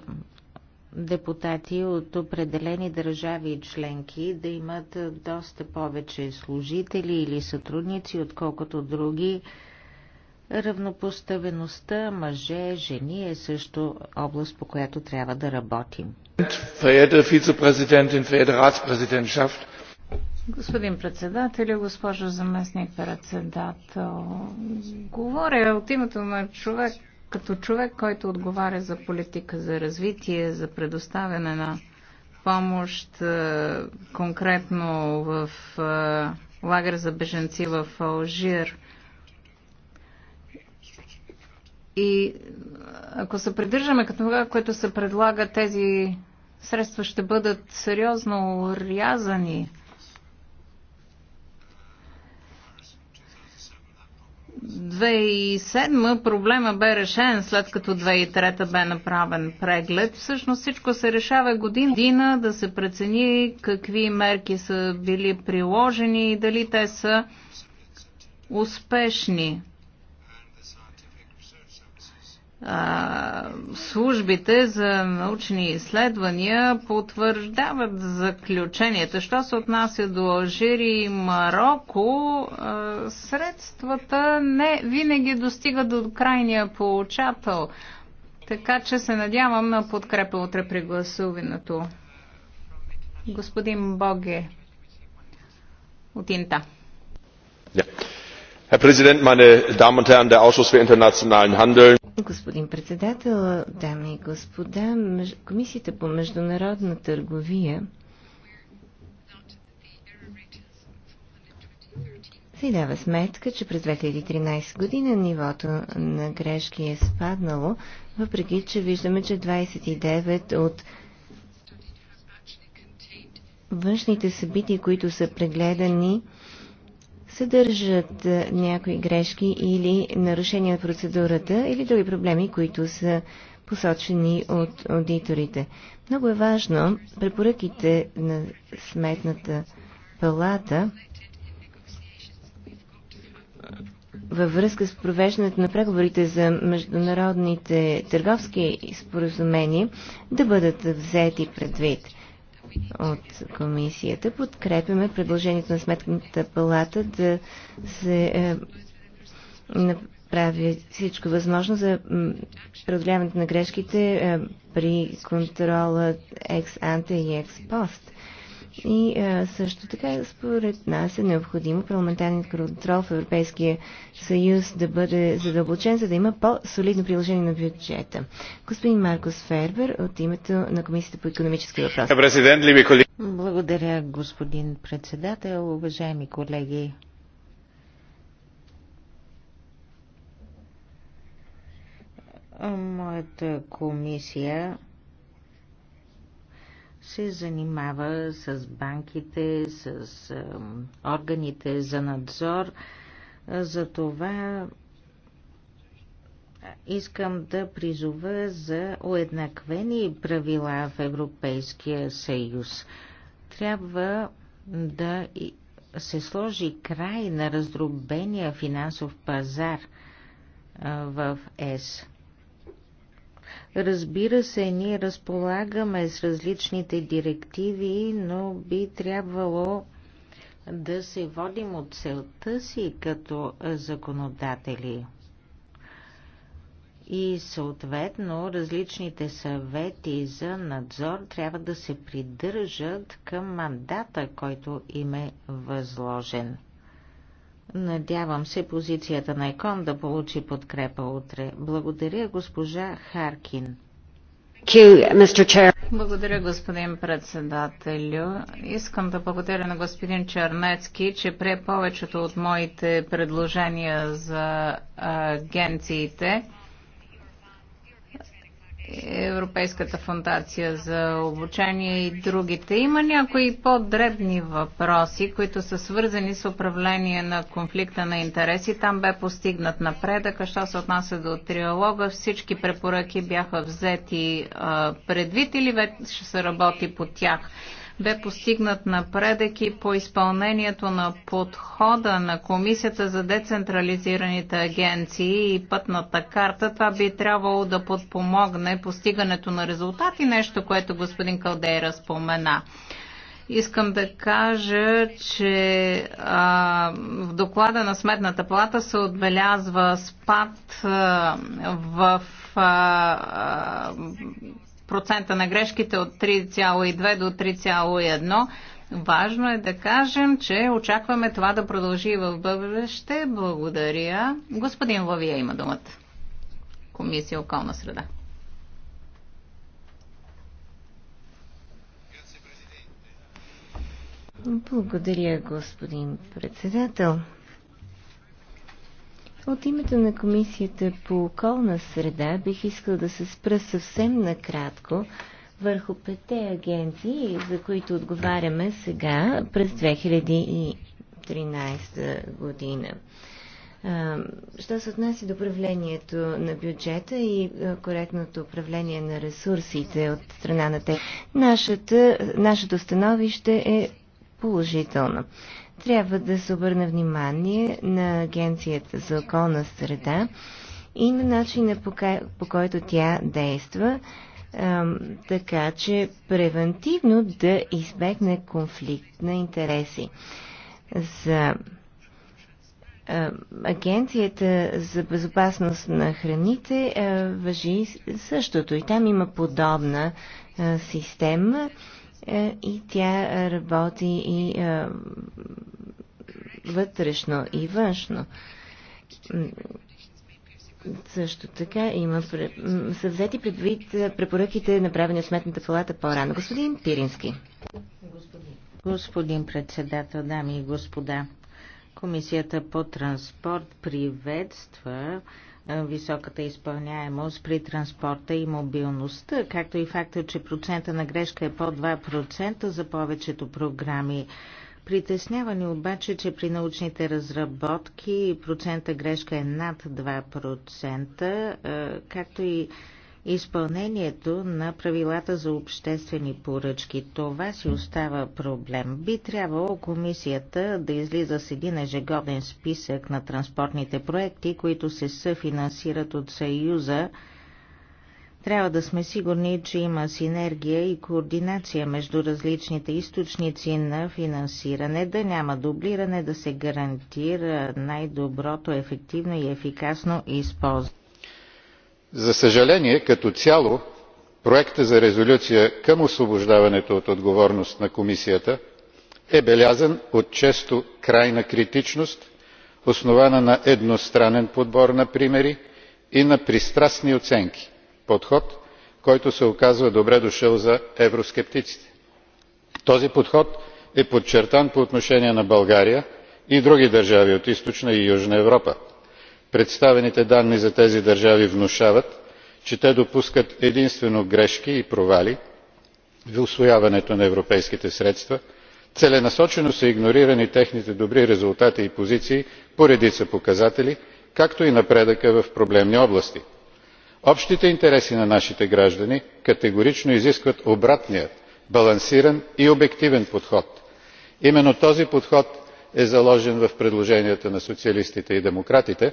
депутати от определени държави и членки да имат доста повече служители или сътрудници, отколкото други. Равнопоставеността мъже, жени е също област, по която трябва да работим. Господин председател, госпожо заместник председател, говоря от името на човек, като човек, който отговаря за политика, за развитие, за предоставяне на помощ е, конкретно в е, лагер за беженци в Алжир. И ако се придържаме като това, което се предлага, тези средства ще бъдат сериозно рязани. В 2007 проблема бе решен, след като 2003 бе направен преглед. Всъщност всичко се решава година да се прецени какви мерки са били приложени и дали те са успешни а, службите за научни изследвания потвърждават заключенията. Що се отнася до Алжир и Марокко, а, средствата не винаги достигат до крайния получател. Така че се надявам на подкрепа утре при гласуването. Господин Боге от Инта. Herr Präsident, meine Damen und Herren, der Ausschuss für internationalen Handel Господин председател, дами и господа, Комисията по международна търговия си дава сметка, че през 2013 година нивото на грешки е спаднало, въпреки че виждаме, че 29 от външните събития, които са прегледани, съдържат е, някои грешки или нарушения на процедурата или други проблеми, които са посочени от аудиторите. Много е важно препоръките на Сметната палата във връзка с провеждането на преговорите за международните търговски споразумения да бъдат взети предвид от комисията. Подкрепяме предложението на Сметната палата да се е, направи всичко възможно за преодоляването на грешките е, при контрола екс-анте и екс-пост. И а, е, също така, според нас е необходимо парламентарният контрол в Европейския съюз да бъде задълбочен, за да има по-солидно приложение на бюджета. Господин Маркос Фербер от името на Комисията по економически въпроси. Благодаря, господин председател, уважаеми колеги. Моята комисия се занимава с банките, с органите за надзор. Затова искам да призова за уеднаквени правила в Европейския съюз. Трябва да се сложи край на раздробения финансов пазар в ЕС. Разбира се, ние разполагаме с различните директиви, но би трябвало да се водим от целта си като законодатели. И съответно различните съвети за надзор трябва да се придържат към мандата, който им е възложен – Надявам се позицията на ЕКОН да получи подкрепа утре. Благодаря госпожа Харкин. Благодаря, господин председателю. Искам да благодаря на господин Чернецки, че пре повечето от моите предложения за агенциите. Европейската фундация за обучение и другите. Има някои по-дребни въпроси, които са свързани с управление на конфликта на интереси. Там бе постигнат напредък, а що се отнася до триалога, всички препоръки бяха взети предвид или вече ще се работи по тях бе постигнат напредък и по изпълнението на подхода на Комисията за децентрализираните агенции и пътната карта. Това би трябвало да подпомогне постигането на резултати, нещо, което господин Калдейра спомена. Искам да кажа, че а, в доклада на Сметната плата се отбелязва спад а, в а, а, процента на грешките от 3,2 до 3,1. Важно е да кажем, че очакваме това да продължи в бъдеще. Благодаря. Господин Лавия има думата. Комисия околна среда. Благодаря, господин председател. От името на Комисията по околна среда бих искал да се спра съвсем накратко върху пете агенции, за които отговаряме сега през 2013 година. Що се отнася до управлението на бюджета и коректното управление на ресурсите от страна на те, нашето становище е положително трябва да се обърне внимание на Агенцията за околна среда и на начина по, по който тя действа, а, така че превентивно да избегне конфликт на интереси. За Агенцията за безопасност на храните въжи същото и там има подобна система. Е, и тя работи и е, вътрешно, и външно. Също така има, са взети предвид е, препоръките, направени от Сметната палата по-рано. Господин Пирински. Господин председател, дами и господа, Комисията по транспорт приветства високата изпълняемост при транспорта и мобилността, както и факта, че процента на грешка е по 2% за повечето програми. Притеснява ни обаче, че при научните разработки процента грешка е над 2%, както и изпълнението на правилата за обществени поръчки. Това си остава проблем. Би трябвало комисията да излиза с един ежегоден списък на транспортните проекти, които се съфинансират от Съюза. Трябва да сме сигурни, че има синергия и координация между различните източници на финансиране, да няма дублиране, да се гарантира най-доброто, ефективно и ефикасно използване за съжаление като цяло проектът за резолюция към освобождаването от отговорност на комисията е белязан от често крайна критичност основана на едностранен подбор на примери и на пристрастни оценки подход който се оказва добре дошъл за евроскептиците. този подход е подчертан по отношение на българя и други държави от източна и южна европа представените данни за тези държави внушават че те допускат единствено грешки и провали в усвояването на европейските средства целенасочено са игнорирани техните добри резултати и позиции по редица показатели както и напредъка в проблемни области. общите интереси на нашите граждани категорично изискват обратния балансиран и обективен подход. именно този подход е заложен в предложенията на социалистите и демократите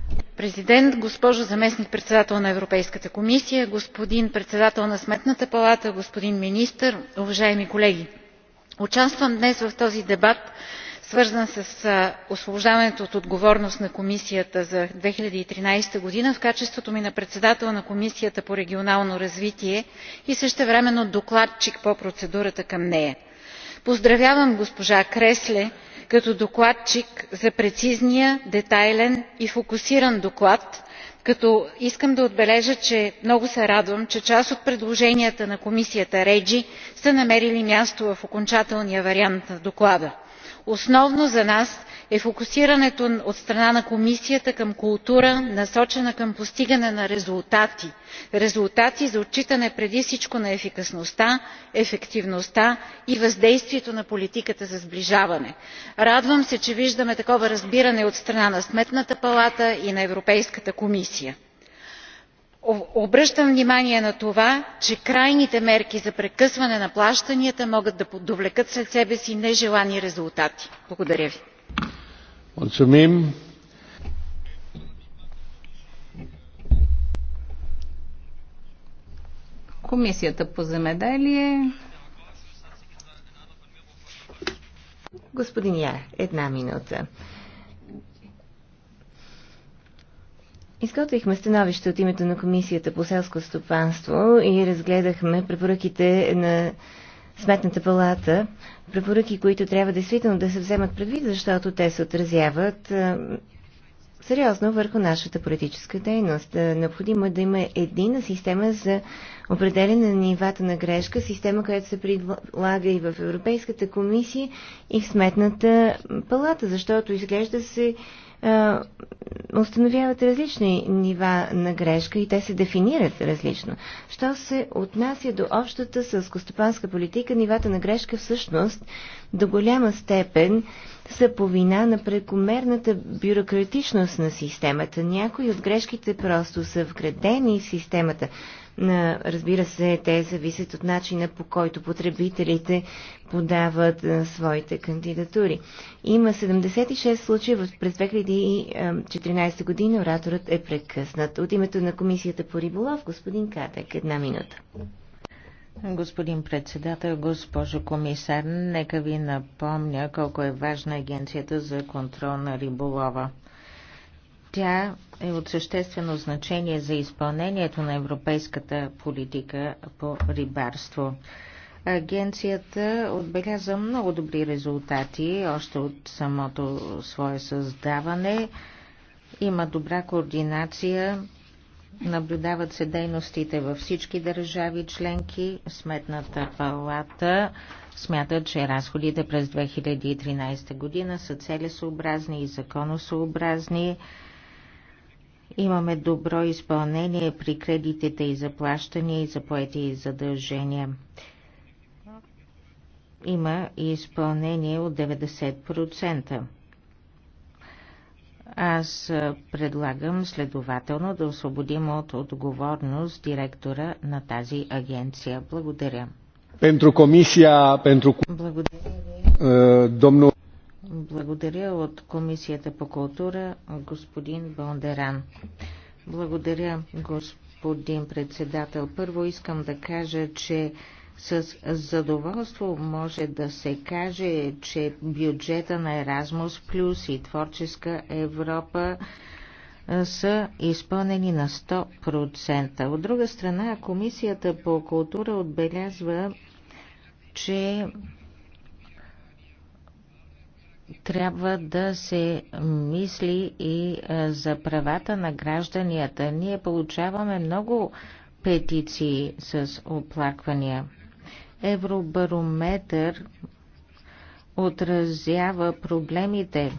президент госпожо заместник председател на европейската комисия господин председател на сметната палата господин министър уважаеми колеги! участвам днес в този дебат свързан с освобождаването от отговорност на комисията за две хиляди и тринадесета година в качеството ми на председател на комисията по регионално развитие и същевременно докладчик по процедурата към нея. поздравявам госпожа кресле като докладчик за прецизния детайлен и фокусиран доклад като искам да отбележа че много се радвам че част от предложенията на комисията реги са намерили място в окончателния вариант на доклада основно за нас е фокусирането от страна на комисията към култура насочена към постигане на резултати резултати за отчитане преди всичко на ефикасността ефективността и въздействието на политиката за сближаване. радвам се че виждаме такова разбиране от страна на сметната палата и на европейската комисия обръщам внимание на това че крайните мерки за прекъсване на плащанията могат да довлекат след себе си нежелани резултати. благодаря ви. Комисията по Изготвихме становище от името на Комисията по селско стопанство и разгледахме препоръките на Сметната палата, препоръки, които трябва действително да се вземат предвид, защото те се отразяват сериозно върху нашата политическа дейност. Необходимо е да има едина система за определене на нивата на грешка, система, която се предлага и в Европейската комисия и в Сметната палата, защото изглежда се е, установяват различни нива на грешка и те се дефинират различно. Що се отнася до общата сълскостопанска политика, нивата на грешка всъщност до голяма степен са по вина на прекомерната бюрократичност на системата. Някои от грешките просто са вградени в системата. Разбира се, те зависят от начина по който потребителите подават своите кандидатури. Има 76 случая през 2014 година. Ораторът е прекъснат. От името на Комисията по риболов, господин Катък, една минута. Господин председател, госпожо комисар, нека ви напомня колко е важна Агенцията за контрол на риболова. Тя е от съществено значение за изпълнението на европейската политика по рибарство. Агенцията отбеляза много добри резултати още от самото свое създаване. Има добра координация, наблюдават се дейностите във всички държави членки. Сметната палата смята, че разходите през 2013 година са целесообразни и законосообразни. Имаме добро изпълнение при кредитите и заплащания и за поети и задължения. Има и изпълнение от 90%. Аз предлагам следователно да освободим от отговорност директора на тази агенция. Благодаря. Благодаря благодаря от Комисията по култура господин Бондеран. Благодаря господин председател. Първо искам да кажа, че с задоволство може да се каже, че бюджета на Еразмус Плюс и Творческа Европа са изпълнени на 100%. От друга страна, Комисията по култура отбелязва, че трябва да се мисли и е, за правата на гражданията. Ние получаваме много петиции с оплаквания. Евробарометър отразява проблемите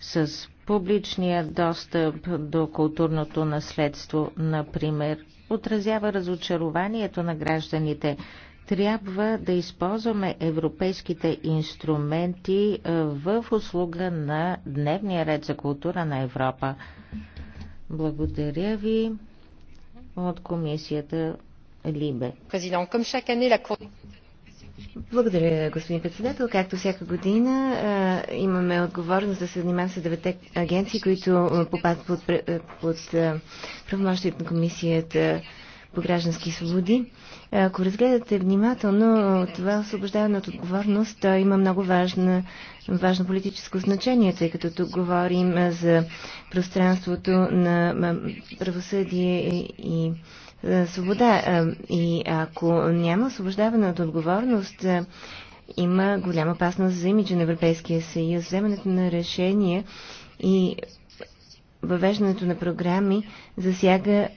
с публичния достъп до културното наследство, например, отразява разочарованието на гражданите трябва да използваме европейските инструменти в услуга на дневния ред за култура на Европа. Благодаря ви от комисията Либе. Благодаря, господин председател. Както всяка година а, имаме отговорност да се занимавам с девете агенции, които попадат под, под правомощието на комисията по граждански свободи. Ако разгледате внимателно това освобождаване от отговорност, то има много важна, важно политическо значение, тъй като тук говорим за пространството на правосъдие и свобода. И ако няма освобождаване от отговорност, има голяма опасност за имиджа на Европейския съюз. Вземането на решения и въвеждането на програми засяга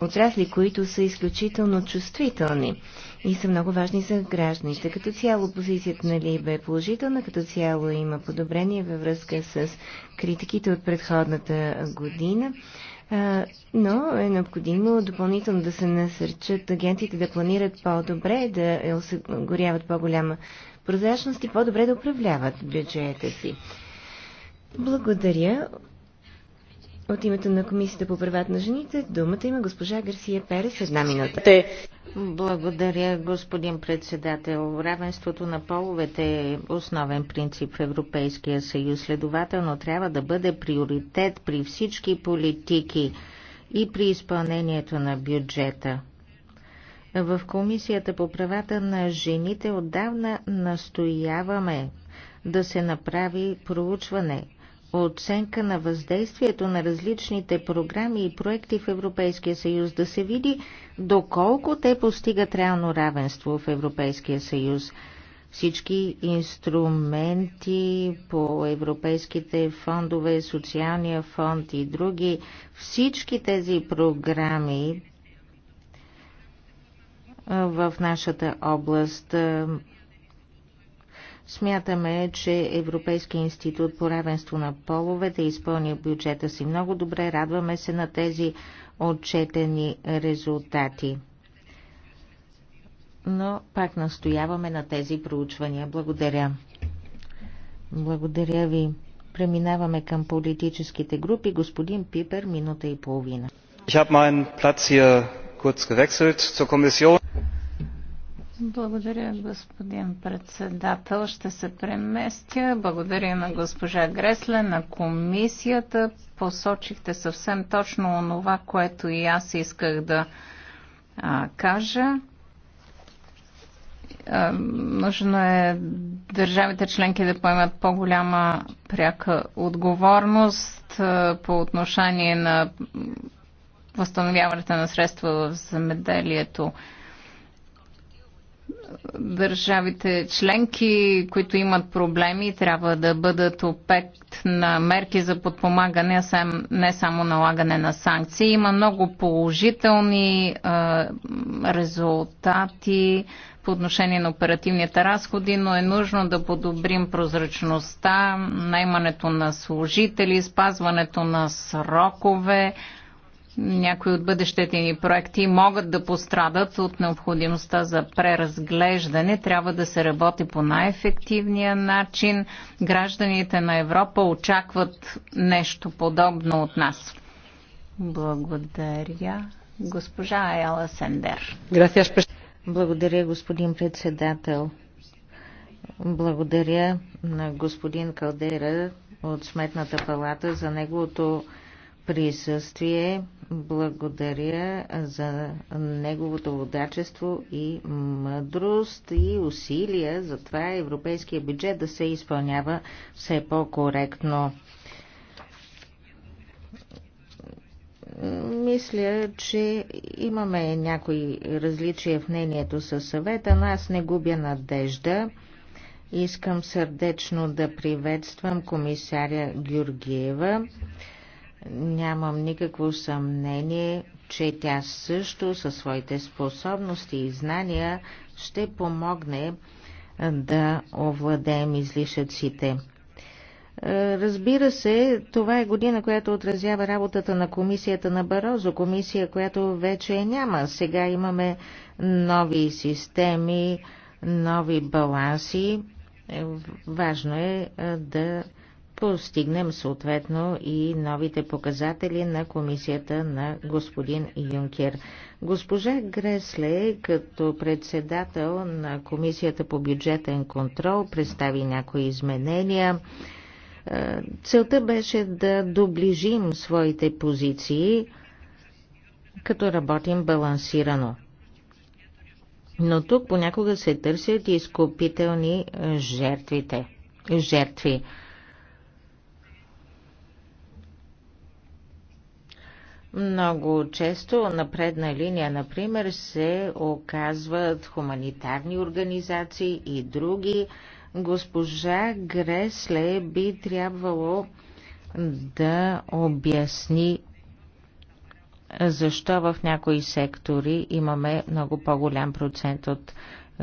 отрасли, които са изключително чувствителни и са много важни за гражданите. Като цяло позицията на Либе е положителна, като цяло има подобрение във връзка с критиките от предходната година, но е необходимо допълнително да се насърчат агентите да планират по-добре, да е осигуряват по-голяма прозрачност и по-добре да управляват бюджета си. Благодаря. От името на Комисията по правата на жените думата има госпожа Гарсия Перес. Една минута. Благодаря, господин председател. Равенството на половете е основен принцип в Европейския съюз. Следователно трябва да бъде приоритет при всички политики и при изпълнението на бюджета. В Комисията по правата на жените отдавна настояваме да се направи проучване – оценка на въздействието на различните програми и проекти в Европейския съюз, да се види доколко те постигат реално равенство в Европейския съюз. Всички инструменти по европейските фондове, социалния фонд и други, всички тези програми в нашата област Смятаме, че Европейския институт по равенство на половете изпълни бюджета си много добре. Радваме се на тези отчетени резултати. Но пак настояваме на тези проучвания. Благодаря. Благодаря ви. Преминаваме към политическите групи. Господин Пипер, минута и половина. Ich habe meinen Platz hier kurz gewechselt zur Kommission. Благодаря, господин председател. Ще се преместя. Благодаря на госпожа Гресле, на комисията. Посочихте съвсем точно онова, което и аз исках да а, кажа. нужно е държавите членки да поемат по-голяма пряка отговорност а, по отношение на възстановяването на средства в земеделието държавите членки, които имат проблеми, трябва да бъдат обект на мерки за подпомагане, не само налагане на санкции. Има много положителни резултати по отношение на оперативните разходи, но е нужно да подобрим прозрачността, наймането на служители, спазването на срокове, някои от бъдещите ни проекти могат да пострадат от необходимостта за преразглеждане. Трябва да се работи по най-ефективния начин. Гражданите на Европа очакват нещо подобно от нас. Благодаря. Госпожа Айала Сендер. Благодаря, господин председател. Благодаря на господин Калдера от Сметната палата за неговото присъствие благодаря за неговото водачество и мъдрост и усилия за това европейския бюджет да се изпълнява все по-коректно. Мисля, че имаме някои различия в мнението със съвета, но аз не губя надежда. Искам сърдечно да приветствам комисаря Георгиева. Нямам никакво съмнение, че тя също със своите способности и знания ще помогне да овладеем излишъците. Е, разбира се, това е година, която отразява работата на комисията на Барозо, комисия, която вече няма. Сега имаме нови системи, нови баланси. Е, важно е, е да постигнем съответно и новите показатели на комисията на господин Юнкер. Госпожа Гресле, като председател на комисията по бюджетен контрол, представи някои изменения. Е, целта беше да доближим своите позиции, като работим балансирано. Но тук понякога се търсят изкупителни е, жертвите. жертви. Много често на предна линия, например, се оказват хуманитарни организации и други. Госпожа Гресле би трябвало да обясни защо в някои сектори имаме много по-голям процент от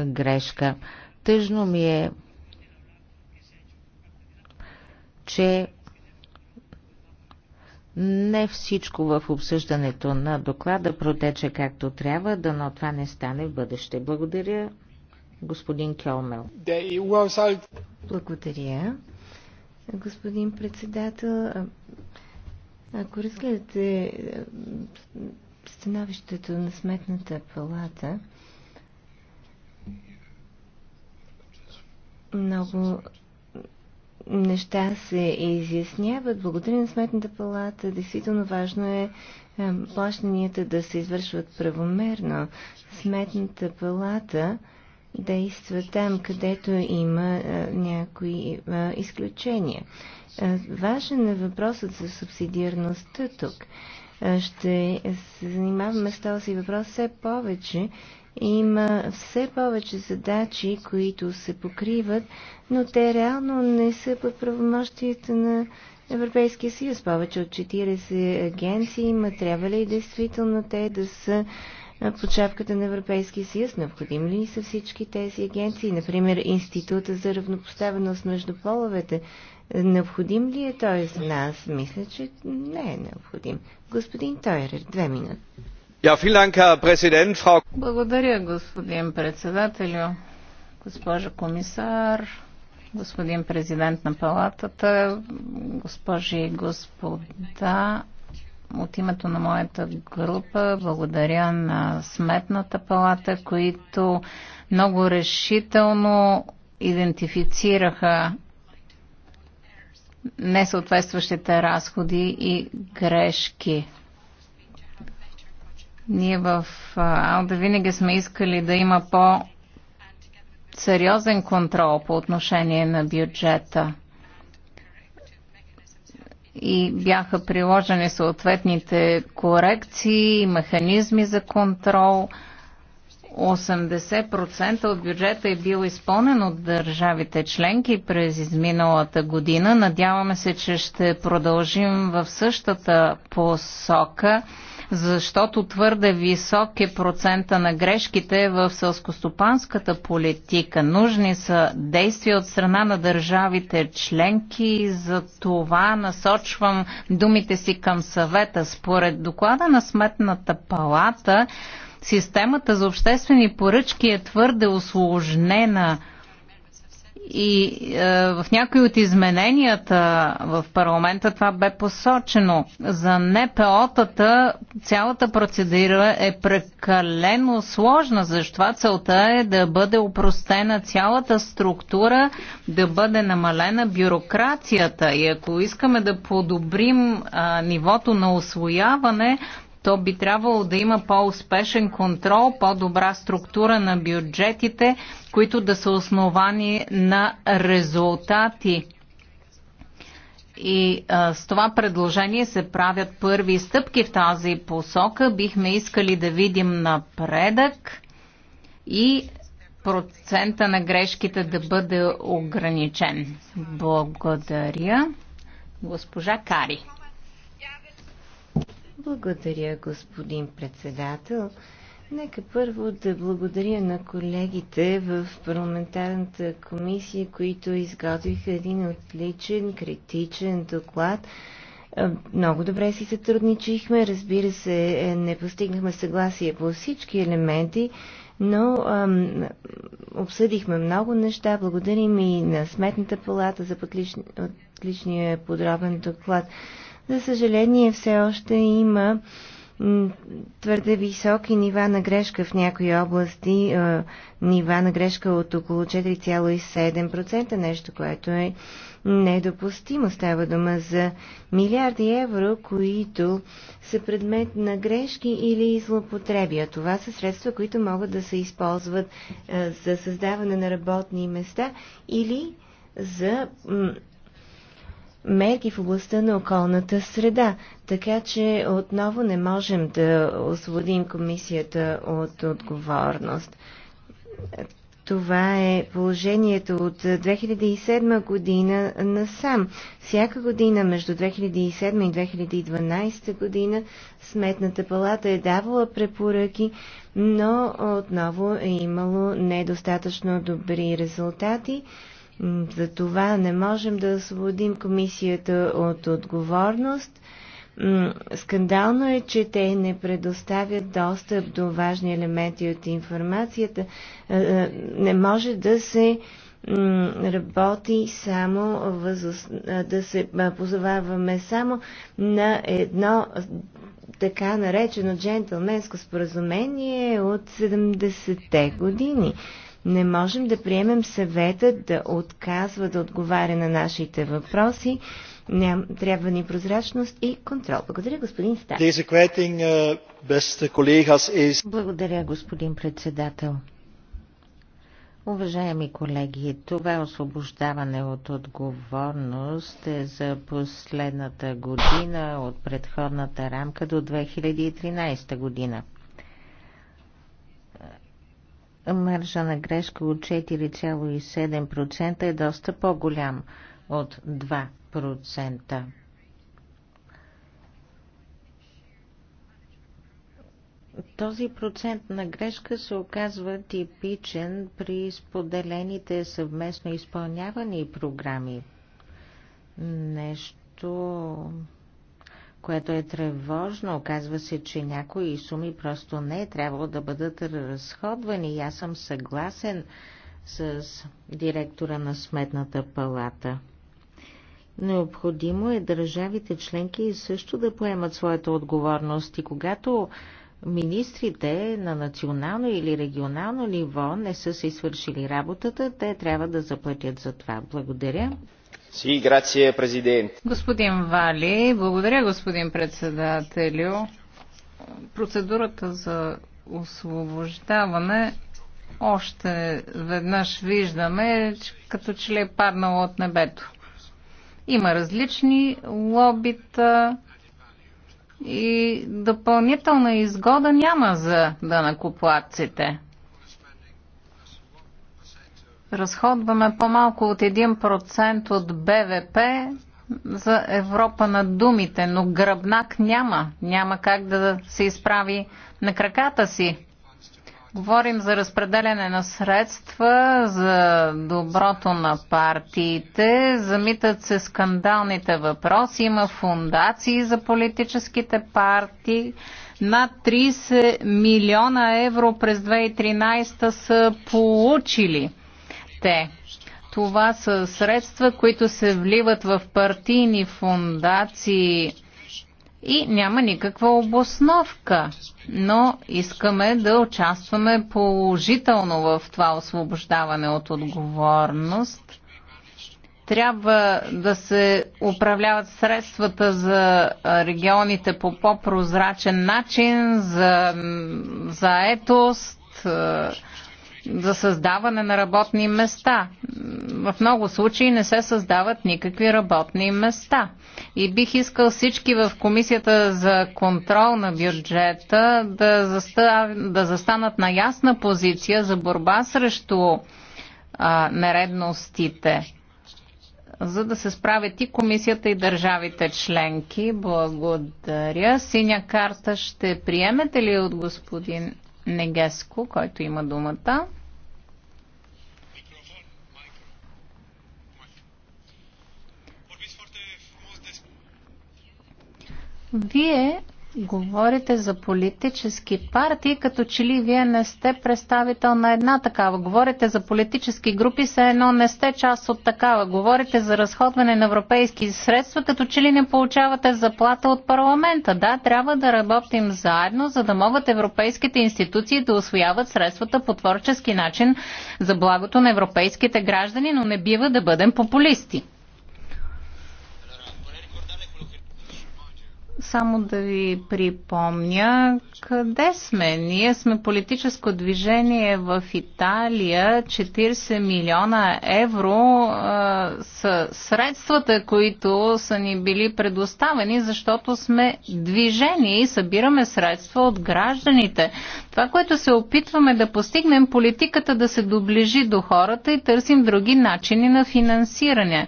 грешка. Тъжно ми е, че не всичко в обсъждането на доклада протече както трябва, да но това не стане в бъдеще. Благодаря, господин Кьомел. Благодаря, господин председател. Ако разгледате е, становището на Сметната палата, много неща се изясняват. Благодаря на Сметната палата. Действително важно е, е плащанията да се извършват правомерно. Сметната палата действа там, където има е, някои е, изключения. Важен е въпросът за субсидиарността тук. Ще се занимаваме с този въпрос все повече има все повече задачи, които се покриват, но те реално не са под правомощията на Европейския съюз. Повече от 40 агенции има. Трябва ли действително те да са под шапката на Европейския съюз? Необходим ли са всички тези агенции? Например, Института за равнопоставеност между половете. Необходим ли е той за нас? Мисля, че не е необходим. Господин Тойрер, две минути. Благодаря, господин председателю, госпожо комисар, господин президент на палатата, госпожи и господа. От името на моята група благодаря на Сметната палата, които много решително идентифицираха несъответстващите разходи и грешки ние в Алда винаги сме искали да има по- сериозен контрол по отношение на бюджета и бяха приложени съответните корекции и механизми за контрол. 80% от бюджета е бил изпълнен от държавите членки през изминалата година. Надяваме се, че ще продължим в същата посока защото твърде висок е процента на грешките в сълскостопанската политика. Нужни са действия от страна на държавите членки и за това насочвам думите си към съвета. Според доклада на Сметната палата, системата за обществени поръчки е твърде осложнена и е, в някои от измененията в парламента това бе посочено. За НПО-тата цялата процедура е прекалено сложна, защото целта е да бъде упростена цялата структура, да бъде намалена бюрокрацията. И ако искаме да подобрим е, нивото на освояване, то би трябвало да има по-успешен контрол, по-добра структура на бюджетите, които да са основани на резултати. И а, с това предложение се правят първи стъпки в тази посока. Бихме искали да видим напредък и процента на грешките да бъде ограничен. Благодаря. Госпожа Кари. Благодаря, господин председател. Нека първо да благодаря на колегите в парламентарната комисия, които изготвиха един отличен, критичен доклад. Много добре си сътрудничихме, разбира се, е, не постигнахме съгласие по всички елементи, но ам, обсъдихме много неща. Благодарим и на Сметната палата за отличния подробен доклад. За съжаление, все още има твърде високи нива на грешка в някои области, е, нива на грешка от около 4,7%, нещо, което е недопустимо. Става дума за милиарди евро, които са предмет на грешки или злопотреби. А това са средства, които могат да се използват е, за създаване на работни места или за мерки в областта на околната среда. Така че отново не можем да освободим комисията от отговорност. Това е положението от 2007 година насам. Всяка година между 2007 и 2012 година Сметната палата е давала препоръки, но отново е имало недостатъчно добри резултати за това не можем да освободим комисията от отговорност. Скандално е, че те не предоставят достъп до важни елементи от информацията. Е, е, не може да се работи само да се позоваваме само на едно така наречено джентълменско споразумение от 70-те години. Не можем да приемем съвета да отказва да отговаря на нашите въпроси. Ням, трябва ни прозрачност и контрол. Благодаря, господин Стар. Eh, Благодаря, господин председател. Уважаеми колеги, това освобождаване от отговорност е за последната година от предходната рамка до 2013 година. Маржа на грешка от 4,7% е доста по-голям от 2%. Този процент на грешка се оказва типичен при споделените съвместно изпълнявани програми. Нещо което е тревожно. Оказва се, че някои суми просто не е трябвало да бъдат разходвани. И аз съм съгласен с директора на Сметната палата. Необходимо е държавите членки също да поемат своята отговорност и когато министрите на национално или регионално ниво не са си свършили работата, те трябва да заплатят за това. Благодаря. Господин Вали, благодаря, господин председателю. Процедурата за освобождаване още веднъж виждаме, като че ли е паднало от небето. Има различни лобита и допълнителна изгода няма за данакоплатците разходваме по-малко от 1% от БВП за Европа на думите, но гръбнак няма. Няма как да се изправи на краката си. Говорим за разпределяне на средства, за доброто на партиите, замитат се скандалните въпроси, има фундации за политическите партии. Над 30 милиона евро през 2013 са получили – те. Това са средства, които се вливат в партийни фундации и няма никаква обосновка, но искаме да участваме положително в това освобождаване от отговорност. Трябва да се управляват средствата за регионите по по-прозрачен начин, за етост за създаване на работни места. В много случаи не се създават никакви работни места. И бих искал всички в Комисията за контрол на бюджета да, застав... да застанат на ясна позиция за борба срещу а, нередностите, за да се справят и Комисията и държавите членки. Благодаря. Синя карта ще приемете ли от господин Негеско, който има думата. Вие говорите за политически партии, като че ли вие не сте представител на една такава. Говорите за политически групи, се едно не сте част от такава. Говорите за разходване на европейски средства, като че ли не получавате заплата от парламента. Да, трябва да работим заедно, за да могат европейските институции да освояват средствата по творчески начин за благото на европейските граждани, но не бива да бъдем популисти. само да ви припомня къде сме. Ние сме политическо движение в Италия. 40 милиона евро а, са средствата, които са ни били предоставени, защото сме движение и събираме средства от гражданите. Това, което се опитваме да постигнем, политиката да се доближи до хората и търсим други начини на финансиране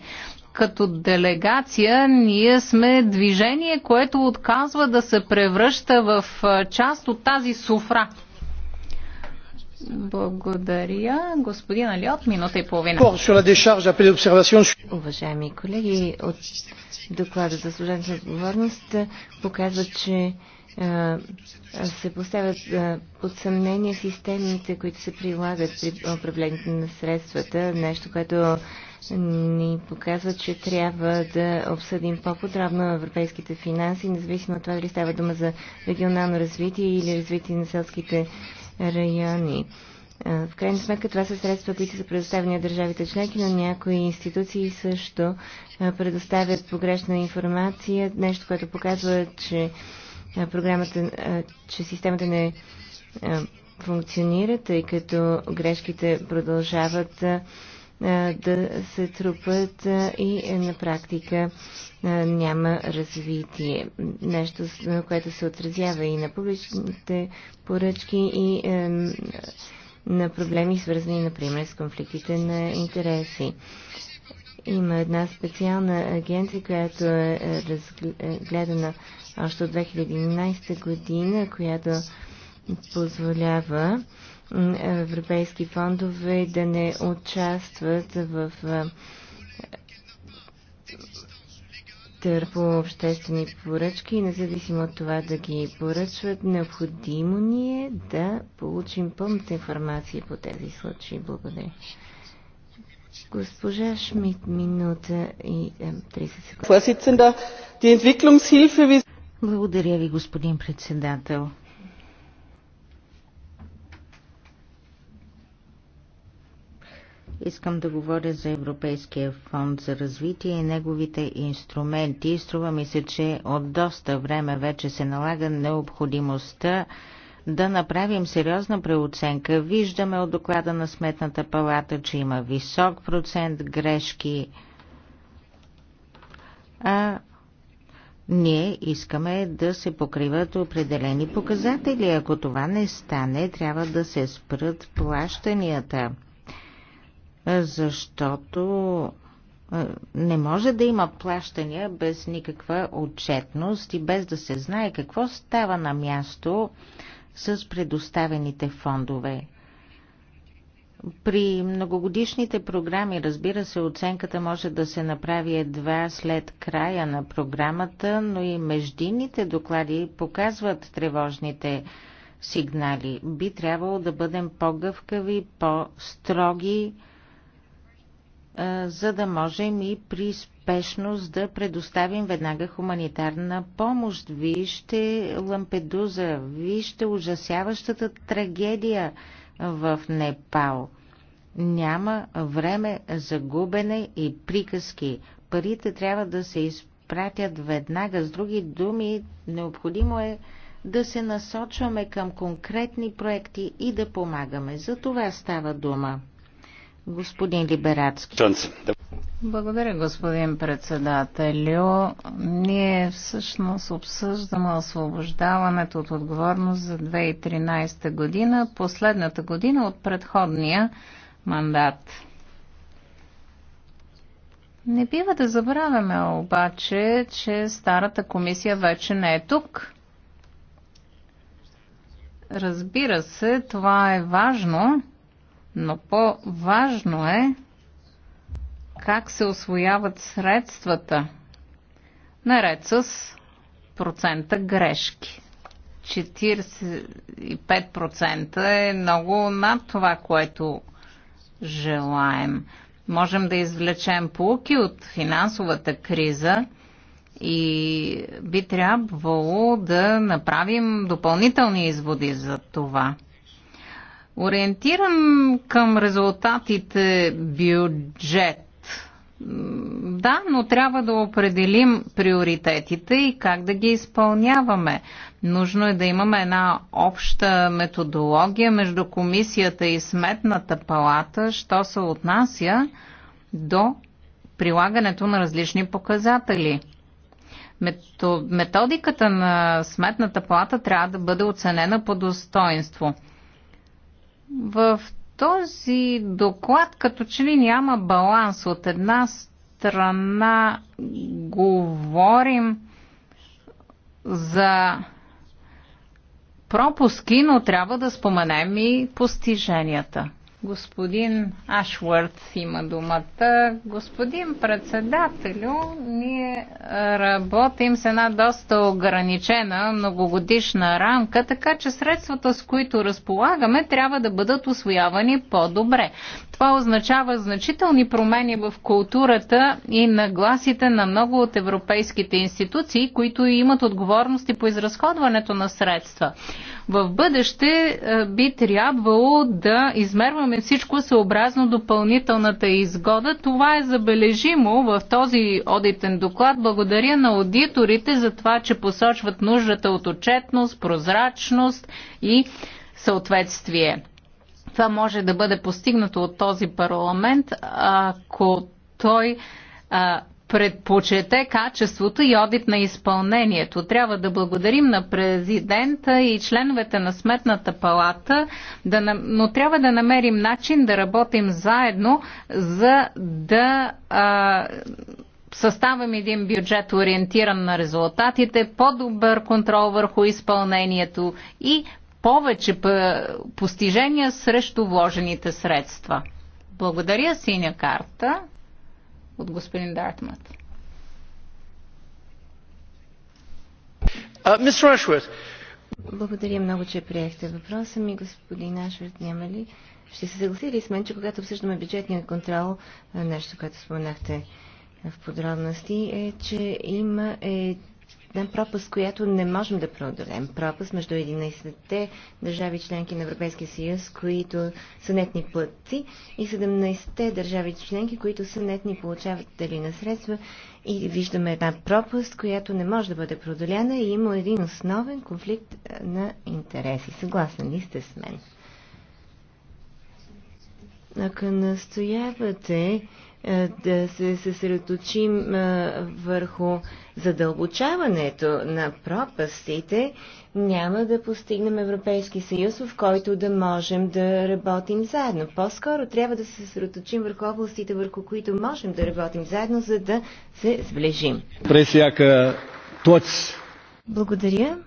като делегация ние сме движение, което отказва да се превръща в част от тази суфра. Благодаря. Господин Алиот, минута и половина. Уважаеми колеги, от доклада за служебната отговорност показва, че се поставят под съмнение системите, които се прилагат при управлението на средствата, нещо, което ни показва, че трябва да обсъдим по-подробно европейските финанси, независимо от това дали става дума за регионално развитие или развитие на селските райони. В крайна сметка това са средства, които са предоставени от държавите членки, но някои институции също предоставят погрешна информация, нещо, което показва, че програмата, че системата не функционира, тъй като грешките продължават е, да се трупат е, и на практика е, няма развитие. Нещо, което се отразява и на публичните поръчки и на проблеми, свързани, например, с конфликтите на интереси. Има една специална агенция, която е разгледана още от 2011 година, която позволява европейски фондове да не участват в търпо обществени поръчки и независимо от това да ги поръчват, необходимо ни е да получим пълната информация по тези случаи. Благодаря. Госпожа Шмидт, минута и 30 е, секунди. Благодаря ви, господин председател. Искам да говоря за Европейския фонд за развитие и неговите инструменти. Струва ми се, че от доста време вече се налага необходимостта да направим сериозна преоценка. Виждаме от доклада на Сметната палата, че има висок процент грешки. А ние искаме да се покриват определени показатели. Ако това не стане, трябва да се спрат плащанията защото не може да има плащания без никаква отчетност и без да се знае какво става на място с предоставените фондове. При многогодишните програми, разбира се, оценката може да се направи едва след края на програмата, но и междинните доклади показват тревожните сигнали. Би трябвало да бъдем по-гъвкави, по-строги, за да можем и при спешност да предоставим веднага хуманитарна помощ. Вижте Лампедуза, вижте ужасяващата трагедия в Непал. Няма време за губене и приказки. Парите трябва да се изпратят веднага. С други думи, необходимо е да се насочваме към конкретни проекти и да помагаме. За това става дума. Господин Либерацки. Благодаря, господин председателю. Ние всъщност обсъждаме освобождаването от отговорност за 2013 година, последната година от предходния мандат. Не бива да забравяме обаче, че старата комисия вече не е тук. Разбира се, това е важно, но по-важно е как се освояват средствата, наред с процента грешки. 45% е много над това, което желаем. Можем да извлечем полуки от финансовата криза и би трябвало да направим допълнителни изводи за това ориентиран към резултатите бюджет. Да, но трябва да определим приоритетите и как да ги изпълняваме. Нужно е да имаме една обща методология между комисията и сметната палата, що се отнася до прилагането на различни показатели. Методиката на сметната палата трябва да бъде оценена по достоинство – в този доклад като че ли няма баланс. От една страна говорим за пропуски, но трябва да споменем и постиженията. Господин Ашвърд има думата. Господин председателю, ние работим с една доста ограничена многогодишна рамка, така че средствата, с които разполагаме, трябва да бъдат освоявани по-добре. Това означава значителни промени в културата и нагласите на много от европейските институции, които имат отговорности по изразходването на средства. В бъдеще е, би трябвало да измерваме всичко съобразно допълнителната изгода. Това е забележимо в този одитен доклад. Благодаря на аудиторите за това, че посочват нуждата от отчетност, прозрачност и съответствие. Това може да бъде постигнато от този парламент, ако той а, предпочете качеството и одит на изпълнението. Трябва да благодарим на президента и членовете на Сметната палата, да, но трябва да намерим начин да работим заедно, за да а, съставим един бюджет ориентиран на резултатите, по-добър контрол върху изпълнението и повече постижения срещу вложените средства. Благодаря синя карта от господин Дартмат. Uh, Благодаря много, че приехте въпроса ми, господин Ашвард. Няма ли? Ще се съгласи ли с мен, че когато обсъждаме бюджетния контрол, нещо, което споменахте в подробности, е, че има е една пропаст, която не можем да преодолем. Пропаст между 11-те държави членки на Европейския съюз, които са нетни платци и 17-те държави членки, които са нетни получаватели на средства и виждаме една пропаст, която не може да бъде преодоляна и има един основен конфликт на интереси. Съгласна ли сте с мен? Ако настоявате е, да се съсредоточим е, върху задълбочаването на пропастите, няма да постигнем Европейски съюз, в който да можем да работим заедно. По-скоро трябва да се съсредоточим върху областите, върху които можем да работим заедно, за да се сближим. Пресяка тоц. Благодаря.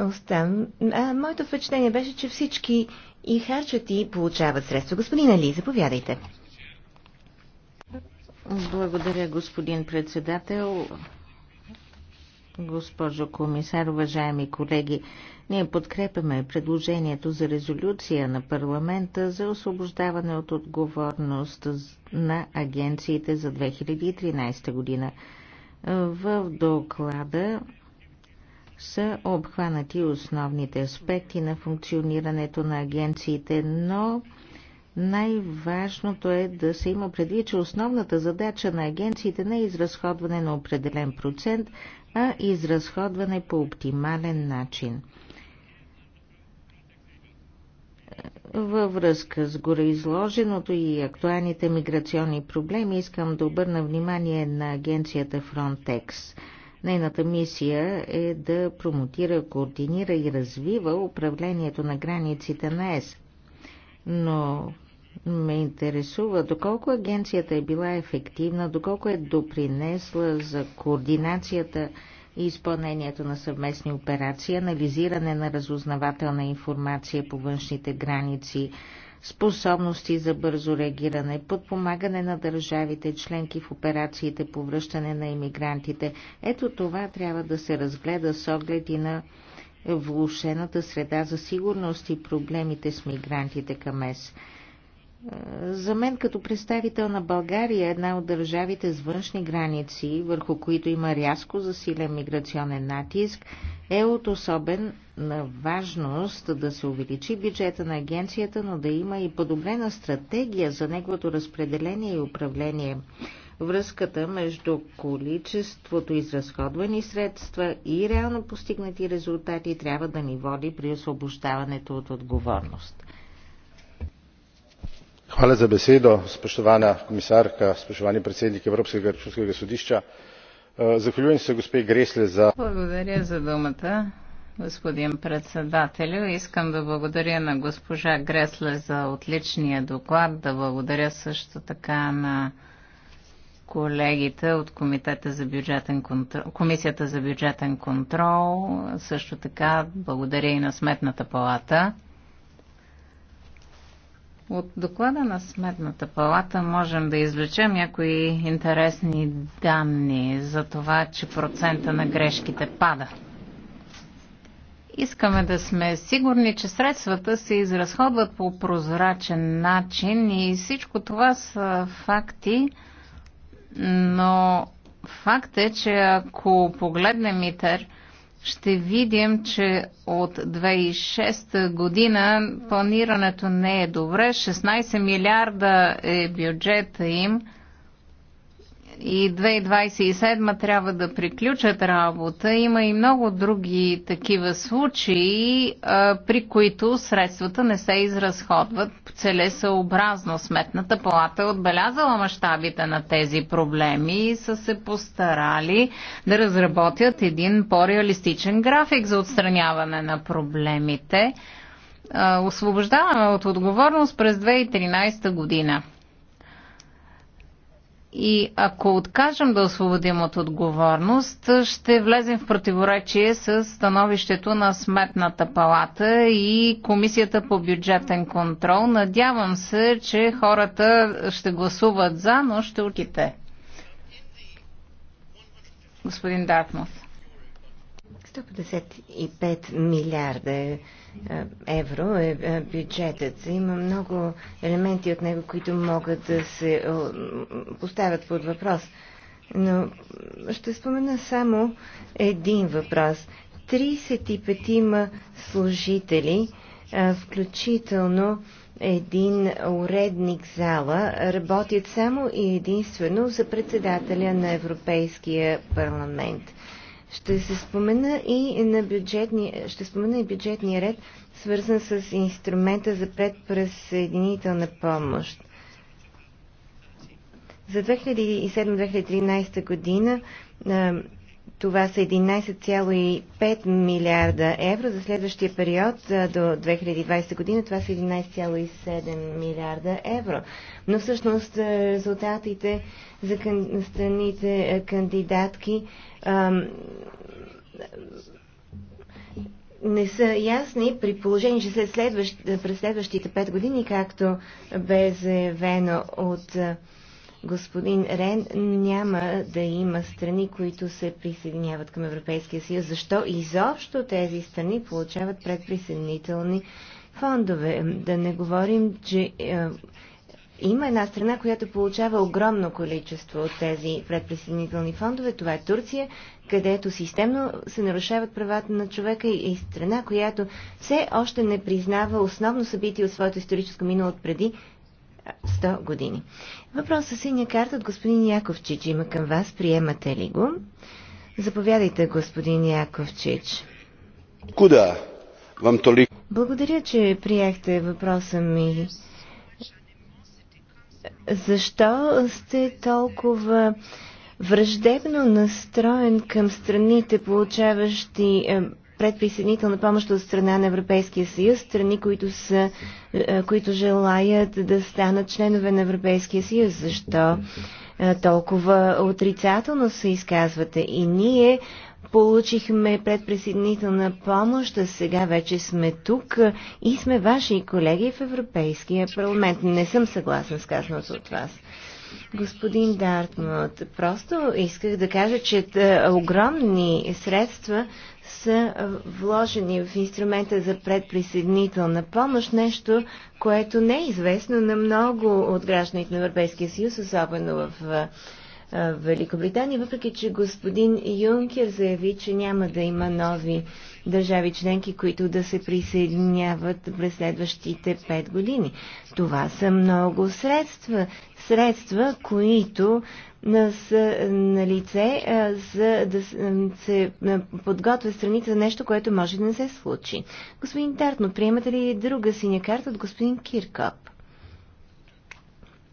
Остан. А, моето впечатление беше, че всички и харчат и получават средства. Господин Али, заповядайте. Благодаря, господин председател. Госпожо комисар, уважаеми колеги, ние подкрепяме предложението за резолюция на парламента за освобождаване от отговорност на агенциите за 2013 година. В доклада са обхванати основните аспекти на функционирането на агенциите, но най-важното е да се има предвид, че основната задача на агенциите не е изразходване на определен процент, а изразходване по оптимален начин. Във връзка с гореизложеното и актуалните миграционни проблеми искам да обърна внимание на агенцията Frontex – Нейната мисия е да промотира, координира и развива управлението на границите на ЕС. Но ме интересува доколко агенцията е била ефективна, доколко е допринесла за координацията и изпълнението на съвместни операции, анализиране на разузнавателна информация по външните граници, способности за бързо реагиране, подпомагане на държавите членки в операциите по връщане на иммигрантите. Ето това трябва да се разгледа с оглед и на влушената среда за сигурност и проблемите с мигрантите към ЕС. За мен като представител на България, е една от държавите с външни граници, върху които има рязко засилен миграционен натиск, е от особен на важност да се увеличи бюджета на агенцията, но да има и подобрена стратегия за неговото разпределение и управление. Връзката между количеството изразходвани средства и реално постигнати резултати трябва да ни води при освобождаването от отговорност spoštovana komisarka spoštovani predsednik evropskega računskega sodišča. Eh, zahvaljujem se gospe grle за. благодаря за думата господин председателю искам да благодаря на госпожа гресле за отличния доклад да благодаря също така на колегите от Комитета за бюджетен контрол, Комисията за бюджетен контрол. Също така благодаря и на Сметната палата. От доклада на Сметната палата можем да извлечем някои интересни данни за това, че процента на грешките пада. Искаме да сме сигурни, че средствата се изразходват по прозрачен начин и всичко това са факти, но факт е, че ако погледнем и тър, ще видим, че от 2006 година планирането не е добре. 16 милиарда е бюджета им и 2027 трябва да приключат работа. Има и много други такива случаи, при които средствата не се изразходват целесъобразно. Сметната палата е отбелязала мащабите на тези проблеми и са се постарали да разработят един по-реалистичен график за отстраняване на проблемите. Освобождаваме от отговорност през 2013 година. И ако откажем да освободим от отговорност, ще влезем в противоречие с становището на Сметната палата и Комисията по бюджетен контрол. Надявам се, че хората ще гласуват за, но ще отите. Господин Дартмут. 155 милиарда е е, евро е, е бюджетът. Има много елементи от него, които могат да се поставят под въпрос. Но ще спомена само един въпрос. 35 служители, включително един уредник зала, работят само и единствено за председателя на Европейския парламент. Ще се спомена и на бюджетни, ще спомена и бюджетния ред, свързан с инструмента за предпресъединителна помощ. За 2007-2013 година това са 11,5 милиарда евро за следващия период до 2020 година. Това са 11,7 милиарда евро. Но всъщност резултатите за страните кандидатки ам, не са ясни при положение, че след следващ, през следващите 5 години, както бе заявено от господин Рен, няма да има страни, които се присъединяват към Европейския съюз. Защо изобщо тези страни получават предприсъединителни фондове? Да не говорим, че е, има една страна, която получава огромно количество от тези предприсъединителни фондове. Това е Турция, където системно се нарушават правата на човека и страна, която все още не признава основно събитие от своето историческо минало от преди 100 години. Въпрос с синя карта от господин Яковчич има към вас. Приемате ли го? Заповядайте, господин Яковчич. Куда? Вам толи? Благодаря, че приехте въпроса ми. Защо сте толкова враждебно настроен към страните, получаващи е, предприсъединителна помощ от страна на Европейския съюз, страни, които, са, е, които желаят да станат членове на Европейския съюз. Защо е, толкова отрицателно се изказвате? И ние получихме предприсъединителна помощ, а сега вече сме тук е, и сме ваши колеги в Европейския парламент. Не съм съгласен с казаното от вас. Господин Дартмут, просто исках да кажа, че огромни средства са вложени в инструмента за предприсъединителна помощ, нещо, което не е известно на много от гражданите на Европейския съюз, особено в Великобритания, въпреки че господин Юнкер заяви, че няма да има нови държави членки, които да се присъединяват през следващите 5 години. Това са много средства средства, които са на лице, за да се подготвят страните за нещо, което може да не се случи. Господин Тартно, приемате ли друга синя карта от господин Киркоп?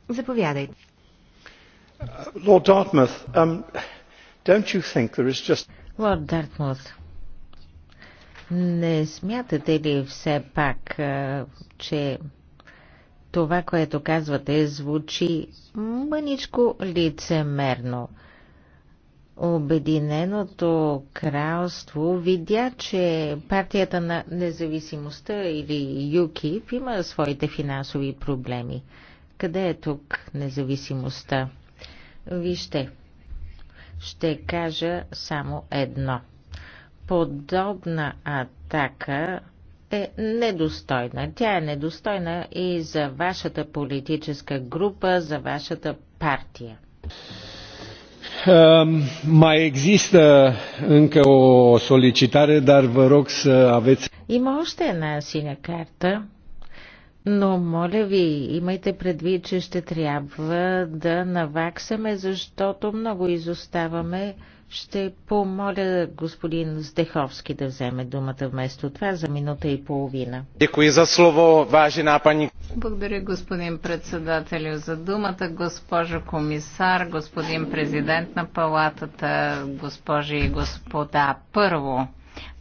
Заповядайте. Лорд Дартмут, um, just... Лорд Дартмут, не смятате ли все пак, че това, което казвате, звучи мъничко лицемерно. Обединеното кралство видя, че партията на независимостта или ЮКИП има своите финансови проблеми. Къде е тук независимостта? Вижте, ще кажа само едно. Подобна атака е недостойна. Тя е недостойна и за вашата политическа група, за вашата партия. Um, mai există încă o solicitare, dar vă rog să aveți... Има още една синя карта, но моля ви, имайте предвид, че ще трябва да наваксаме, защото много изоставаме ще помоля господин Здеховски да вземе думата вместо това за минута и половина. Děkuji за слово, vážená пани. Благодаря господин председателю за думата, госпожо комисар, господин президент на палатата, госпожи и господа. Първо,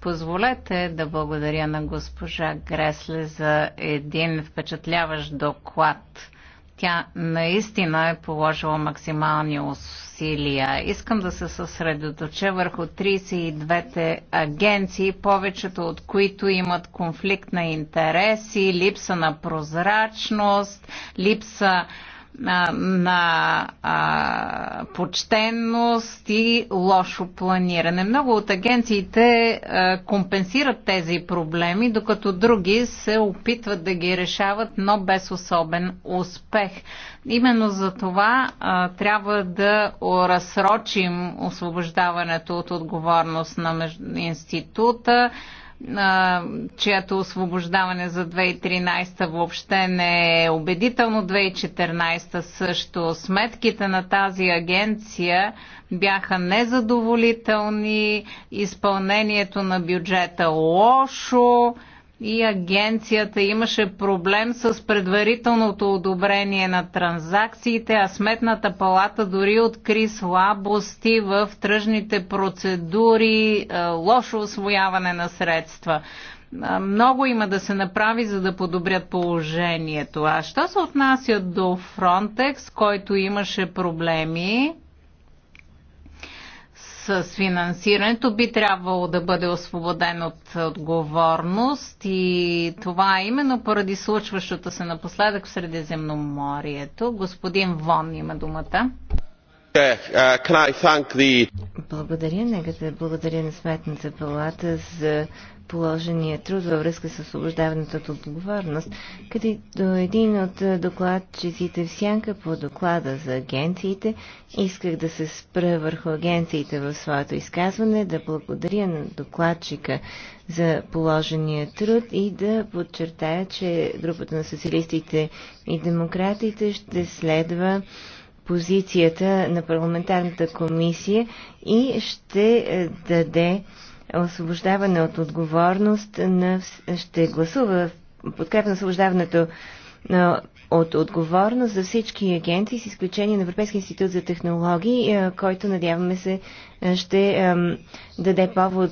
Позволете да благодаря на госпожа Гресле за един впечатляващ доклад. Тя наистина е положила максимални усилия. Искам да се съсредоточа върху 32-те агенции, повечето от които имат конфликт на интереси, липса на прозрачност, липса а, на а, почтенност и лошо планиране. Много от агенциите а, компенсират тези проблеми, докато други се опитват да ги решават, но без особен успех. Именно за това а, трябва да разсрочим освобождаването от отговорност на института чието освобождаване за 2013 въобще не е убедително. 2014 също сметките на тази агенция бяха незадоволителни, изпълнението на бюджета лошо, и агенцията имаше проблем с предварителното одобрение на транзакциите, а сметната палата дори откри слабости в тръжните процедури, е, лошо освояване на средства. Е, много има да се направи, за да подобрят положението. А що се отнася до Фронтекс, който имаше проблеми, с финансирането би трябвало да бъде освободен от отговорност и това е именно поради случващото се напоследък в Средиземноморието. Господин Вон има думата. Благодаря. Нека да благодаря на Сметната палата за положения труд във връзка с освобождаването от отговорност, като един от докладчиците в сянка по доклада за агенциите исках да се спра върху агенциите в своето изказване, да благодаря на докладчика за положения труд и да подчертая, че групата на социалистите и демократите ще следва позицията на парламентарната комисия и ще даде освобождаване от отговорност на... ще гласува в подкрепа на освобождаването от отговорност за всички агенции, с изключение на Европейския институт за технологии, който надяваме се ще даде повод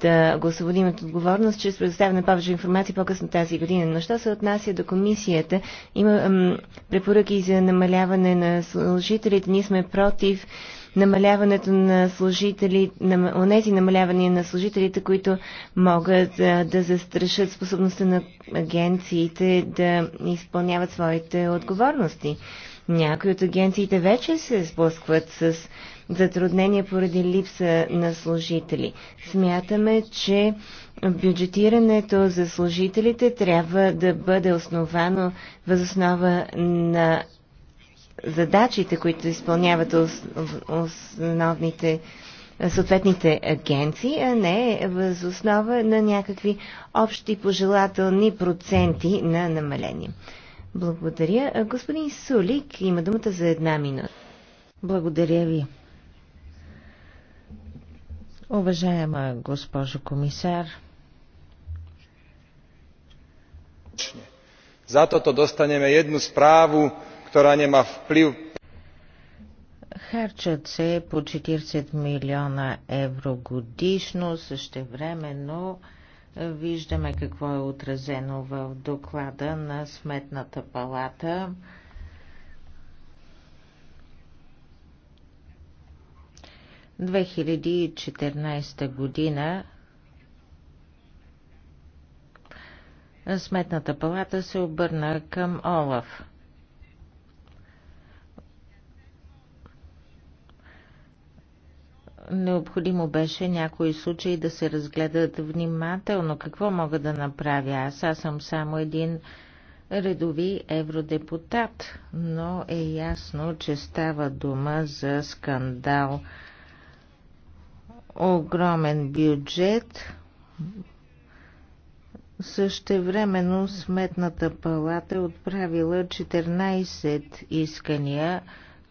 да го освободим от отговорност чрез предоставяне на повече информация по-късно тази година. Но що се отнася до комисията, има препоръки за намаляване на служителите. Ние сме против намаляването на служители, на онези намалявания на служителите, които могат а, да застрашат способността на агенциите да изпълняват своите отговорности. Някои от агенциите вече се сблъскват с затруднения поради липса на служители. Смятаме, че бюджетирането за служителите трябва да бъде основано възоснова на задачите, които изпълняват основните съответните агенции, а не въз основа на някакви общи пожелателни проценти на намаление. Благодаря. Господин Сулик има думата за една минута. Благодаря ви. Уважаема госпожо комисар. zato to dostaneme jednu správu która nie ma Харчат се по 40 милиона евро годишно, също времено. виждаме какво е отразено в доклада на Сметната палата. В 2014 година Сметната палата се обърна към Олаф. Необходимо беше някои случаи да се разгледат внимателно. Какво мога да направя? Аз, аз съм само един редови евродепутат, но е ясно, че става дума за скандал. Огромен бюджет. Същевременно Сметната палата е отправила 14 искания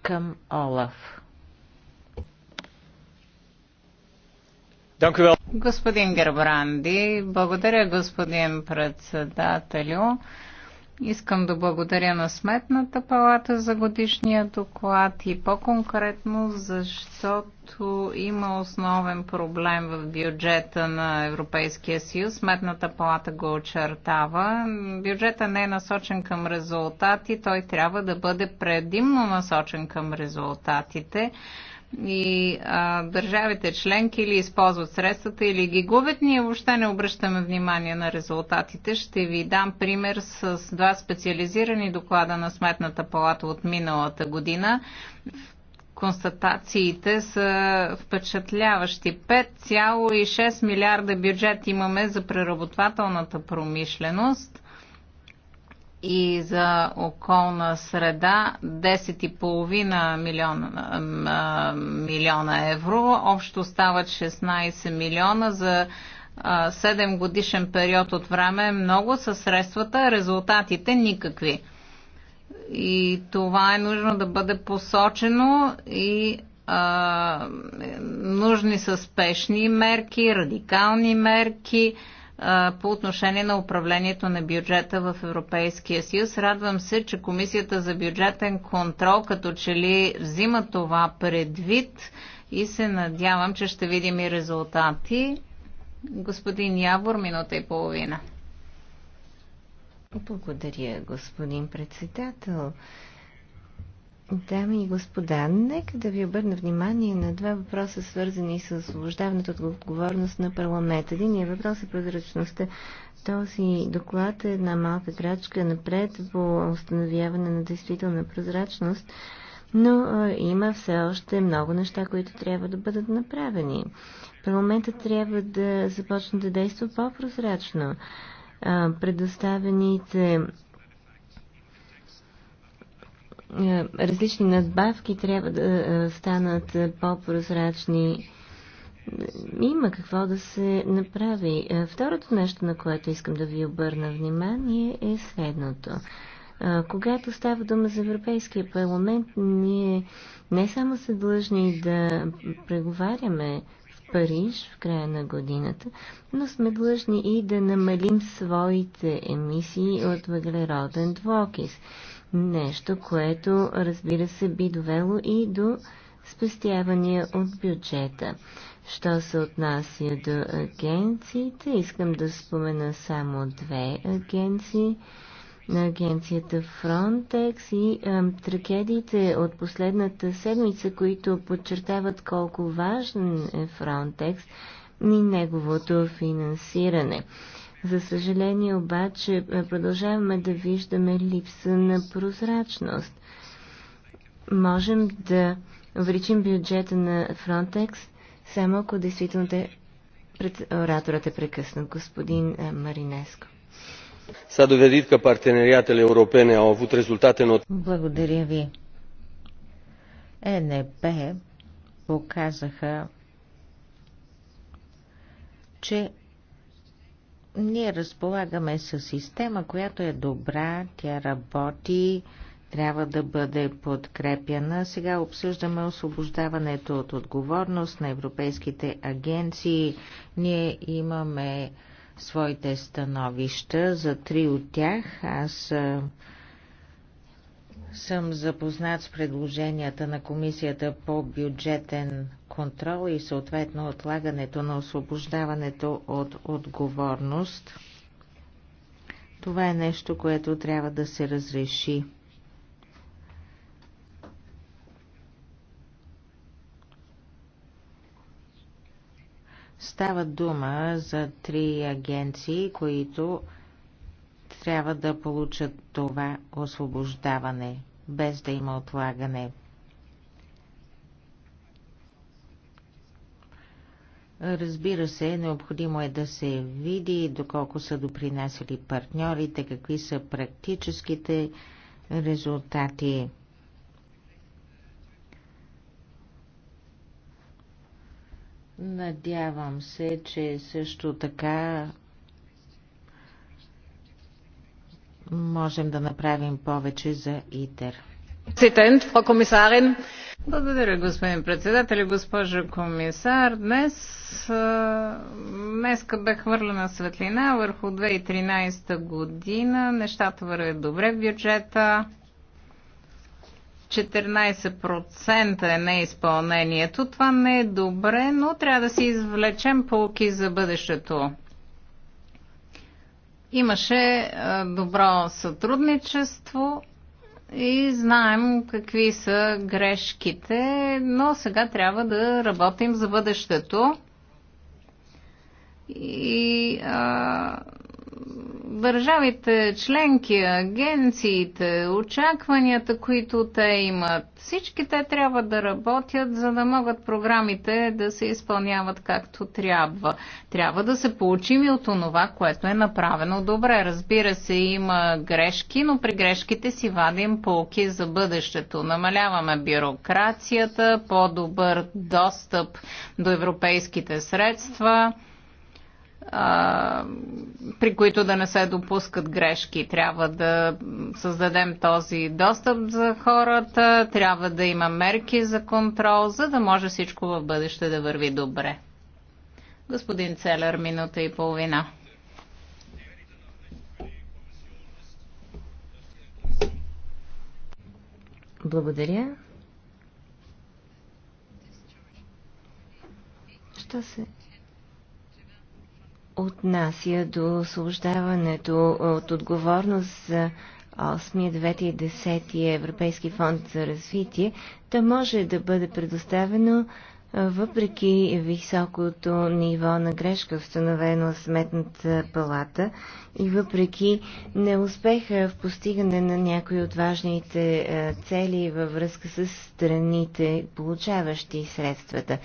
към Олаф. Господин Гербранди, благодаря господин председателю. Искам да благодаря на Сметната палата за годишния доклад и по-конкретно, защото има основен проблем в бюджета на Европейския съюз. Сметната палата го очертава. Бюджета не е насочен към резултати, той трябва да бъде предимно насочен към резултатите и а, държавите членки или използват средствата или ги губят, ние въобще не обръщаме внимание на резултатите. Ще ви дам пример с два специализирани доклада на Сметната палата от миналата година. Констатациите са впечатляващи. 5,6 милиарда бюджет имаме за преработвателната промишленост – и за околна среда 10,5 милиона, милиона евро. Общо стават 16 милиона за 7 годишен период от време. Много са средствата, резултатите никакви. И това е нужно да бъде посочено и а, нужни са спешни мерки, радикални мерки. А, по отношение на управлението на бюджета в Европейския съюз. Радвам се, че Комисията за бюджетен контрол като че ли взима това предвид и се надявам, че ще видим и резултати. Господин Явор, минута и половина. Благодаря, господин председател. Дами и господа, нека да ви обърна внимание на два въпроса, свързани с освобождаването от отговорност на парламент. Единият въпрос е прозрачността. Този доклад е една малка крачка напред по установяване на действителна прозрачност, но има все още много неща, които трябва да бъдат направени. Парламентът трябва да започне да действа по-прозрачно. Предоставените е, различни надбавки трябва да е, станат е, по-прозрачни. Има какво да се направи. Второто нещо, на което искам да ви обърна внимание, е следното. Когато става дума за Европейския парламент, ние не само са длъжни да преговаряме в Париж в края на годината, но сме длъжни и да намалим своите емисии от въглероден двокис. Нещо, което разбира се би довело и до спестявания от бюджета. Що се отнася до агенциите, искам да спомена само две агенции на агенцията Frontex и ам, трагедиите от последната седмица, които подчертават колко важен е Frontex и неговото финансиране. За съжаление обаче е, продължаваме да виждаме липса на прозрачност. Можем да увеличим бюджета на Frontex, само ако действително те пред ораторът е прекъснат, господин е, Маринеско. S-a dovedit că parteneriatele europene au avut rezultate Благодаря ви. ЕНП показаха, че ние разполагаме с система, която е добра, тя работи, трябва да бъде подкрепяна. Сега обсъждаме освобождаването от отговорност на европейските агенции. Ние имаме своите становища за три от тях. Аз съм запознат с предложенията на Комисията по бюджетен контрола и съответно отлагането на освобождаването от отговорност. Това е нещо, което трябва да се разреши. Става дума за три агенции, които трябва да получат това освобождаване, без да има отлагане. Разбира се, необходимо е да се види доколко са допринасяли партньорите, какви са практическите резултати. Надявам се, че също така можем да направим повече за ИТЕР. Благодаря, господин председател, госпожо комисар. Днес днеска бе хвърлена светлина върху 2013 година. Нещата вървят добре в бюджета. 14% е неизпълнението. Това не е добре, но трябва да си извлечем полки за бъдещето. Имаше добро сътрудничество и знаем какви са грешките, но сега трябва да работим за бъдещето и а, държавите, членки, агенциите, очакванията, които те имат. Всички те трябва да работят, за да могат програмите да се изпълняват както трябва. Трябва да се получим и от това, което е направено добре. Разбира се, има грешки, но при грешките си вадим полки за бъдещето. Намаляваме бюрокрацията, по-добър достъп до европейските средства при които да не се допускат грешки. Трябва да създадем този достъп за хората, трябва да има мерки за контрол, за да може всичко в бъдеще да върви добре. Господин Целер, минута и половина. Благодаря. Що се отнася до освобождаването от отговорност за 8, 9 и 10 Европейски фонд за развитие, то може да бъде предоставено въпреки високото ниво на грешка, установено в Сметната палата и въпреки неуспеха в постигане на някои от важните цели във връзка с страните, получаващи средствата.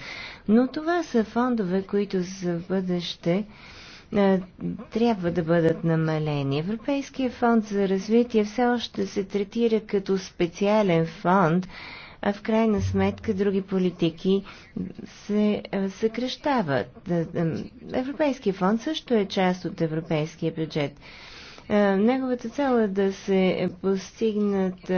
Но това са фондове, които за бъдеще е, трябва да бъдат намалени. Европейския фонд за развитие все още се третира като специален фонд, а в крайна сметка други политики се е, съкрещават. Е, европейския фонд също е част от европейския бюджет. Неговата цел е да се постигнат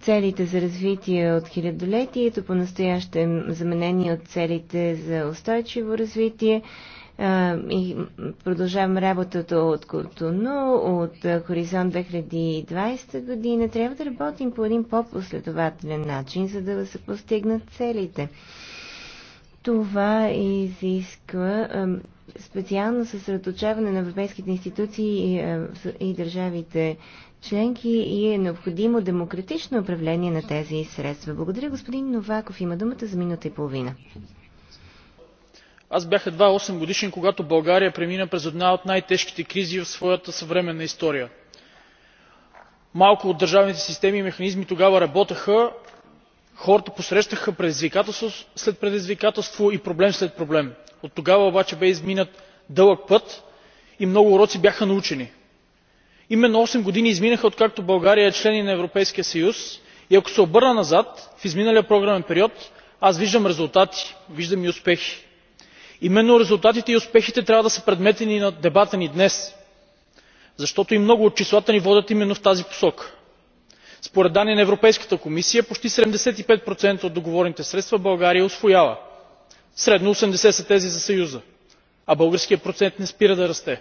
целите за развитие от хилядолетието, по-настоящем заменени от целите за устойчиво развитие и продължавам работата от Кортуно, от Хоризонт 2020 година. Трябва да работим по един по-последователен начин, за да се постигнат целите. Това изисква специално съсредоточаване на европейските институции и държавите членки и е необходимо демократично управление на тези средства. Благодаря, господин Новаков. Има думата за минута и половина аз бях едва осемгодишен когато България премина през една от най тежките кризи в своята съвременна история. малко от държавните системи и механизми тогава работеха хората посрещаха предизвикателство след предизвикателство и проблем след проблем. оттогава обаче бе изминат дълъг път и много уроци бяха научени. именно осем години изминаха откакто българя е член и на европейския съюз и ако се обърна назад в изминалия програмен период аз виждам резултати виждам и успехи именно резултатите и успехите трябва да са предмет на дебата ни днес защото и много от числата ни водят именно в тази посока. според данни на европейската комисия почти седемдесет и пет от договорените средства българя усвоява средно осемдесет са тези за съюза а българският процент не спира да расте.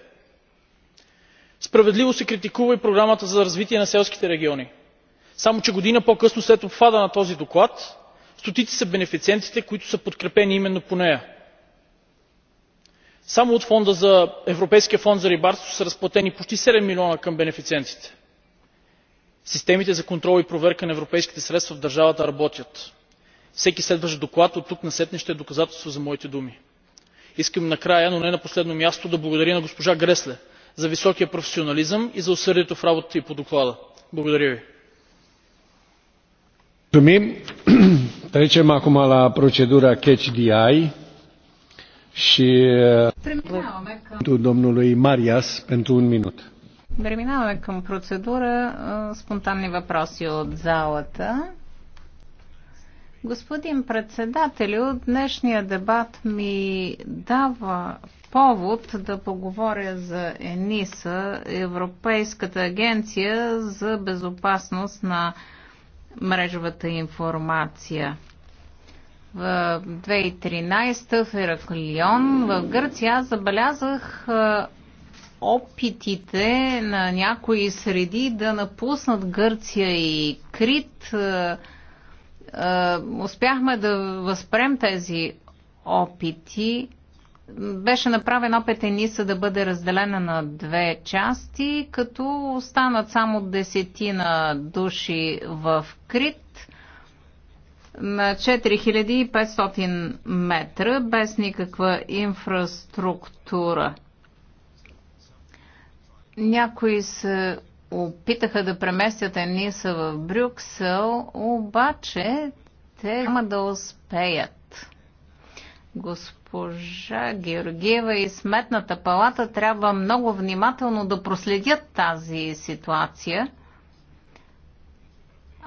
справедливо се критикува и програмата за развитие на селските региони само че година по късно след обхвата на този доклад стотици са бенефициентите които са подкрепени именно по нея само от европейския фонд за рибарство са разплатени почти седем милиона към бенефициентите. системите за контрол и проверка на европейските средства в държавата работят. всеки следващ доклад оттук насетне ще е доказателство за моите думи. искам накрая но не на последно място да благодаря на госпожа гресле за високия професионализъм и за усърдието в работата й по доклада. благодаря ви. <clears throat> trecem acum la procedura catch the eye și uh, domnului Marias pentru un minut. Преминаваме към процедура спонтанни въпроси от залата. Господин председателю, днешния дебат ми дава повод да поговоря за ЕНИСА, Европейската агенция за безопасност на мрежовата информация в 2013 в Ираклион в Гърция аз забелязах опитите на някои среди да напуснат Гърция и Крит. Успяхме да възпрем тези опити. Беше направен опит Ениса да бъде разделена на две части, като останат само десетина души в Крит на 4500 метра без никаква инфраструктура. Някои се опитаха да преместят Ениса в Брюксел, обаче те няма да успеят. Госпожа Георгиева и Сметната палата трябва много внимателно да проследят тази ситуация –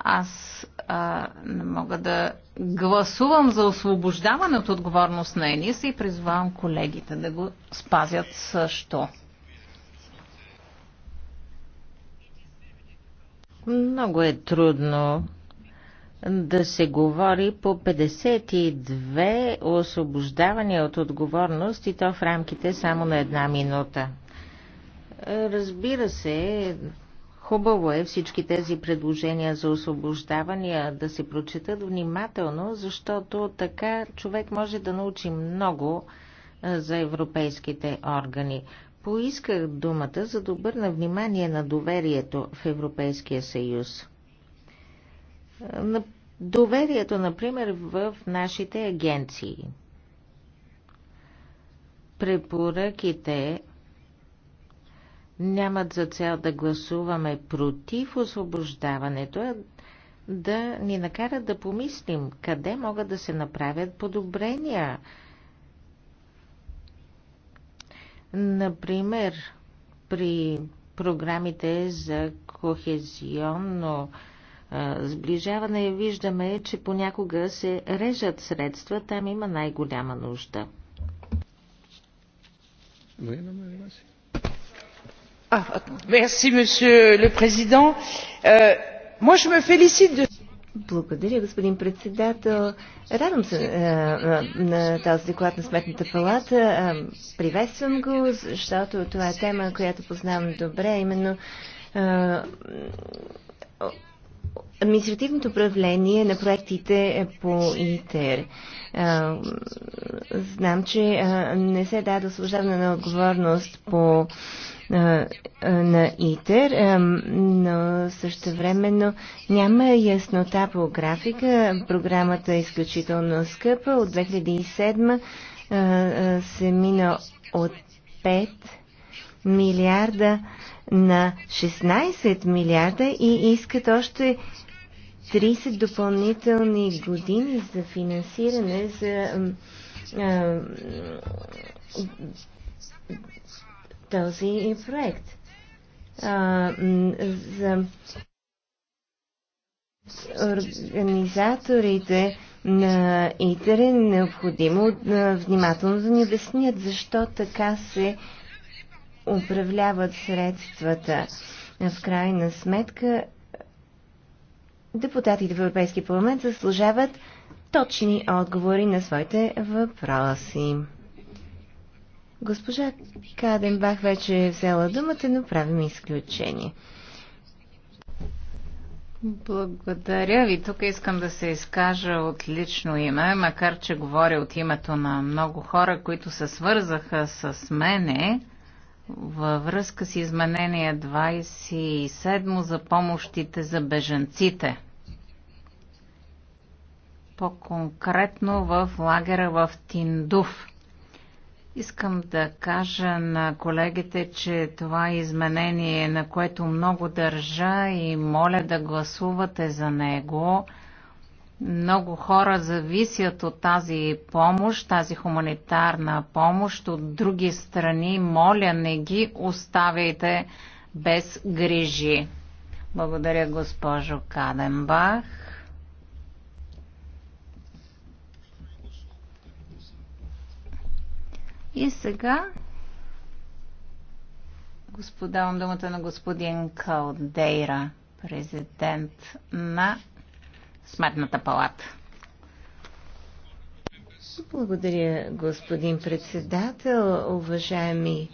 аз а, не мога да гласувам за освобождаване от отговорност на ЕНИС и призвавам колегите да го спазят също. Много е трудно да се говори по 52 освобождавания от отговорност и то в рамките само на една минута. Разбира се, Хубаво е всички тези предложения за освобождавания да се прочитат внимателно, защото така човек може да научи много за европейските органи. Поисках думата, за да обърна внимание на доверието в Европейския съюз. На доверието, например, в нашите агенции. Препоръките нямат за цел да гласуваме против освобождаването, а да ни накарат да помислим къде могат да се направят подобрения. Например, при програмите за кохезионно сближаване виждаме, че понякога се режат средства, там има най-голяма нужда. Bueno, me Euh, Благодаря, господин председател. Радвам се е, е, на този доклад на Сметната палата. Е, приветствам го, защото това е тема, която познавам добре, именно административното управление на проектите по ИТЕР. Знам, че не се даде освобождаване на отговорност по на ИТЕР, но също времено няма яснота по графика. Програмата е изключително скъпа. От 2007 се мина от 5 милиарда на 16 милиарда и искат още 30 допълнителни години за финансиране за този проект. А, за организаторите на ИТЕР е необходимо внимателно да ни обяснят защо така се управляват средствата. В крайна сметка депутатите в Европейския парламент заслужават точни отговори на своите въпроси. Госпожа Каденбах вече е взела думата, но правим изключение. Благодаря ви. Тук искам да се изкажа от лично име, макар че говоря от името на много хора, които се свързаха с мене във връзка с изменение 27 за помощите за беженците. По-конкретно в лагера в Тиндув – Искам да кажа на колегите, че това е изменение, на което много държа и моля да гласувате за него. Много хора зависят от тази помощ, тази хуманитарна помощ от други страни. Моля, не ги оставяйте без грижи. Благодаря, госпожо Каденбах. И сега господавам думата на господин Калдейра, президент на Сметната палата. Благодаря, господин председател, уважаеми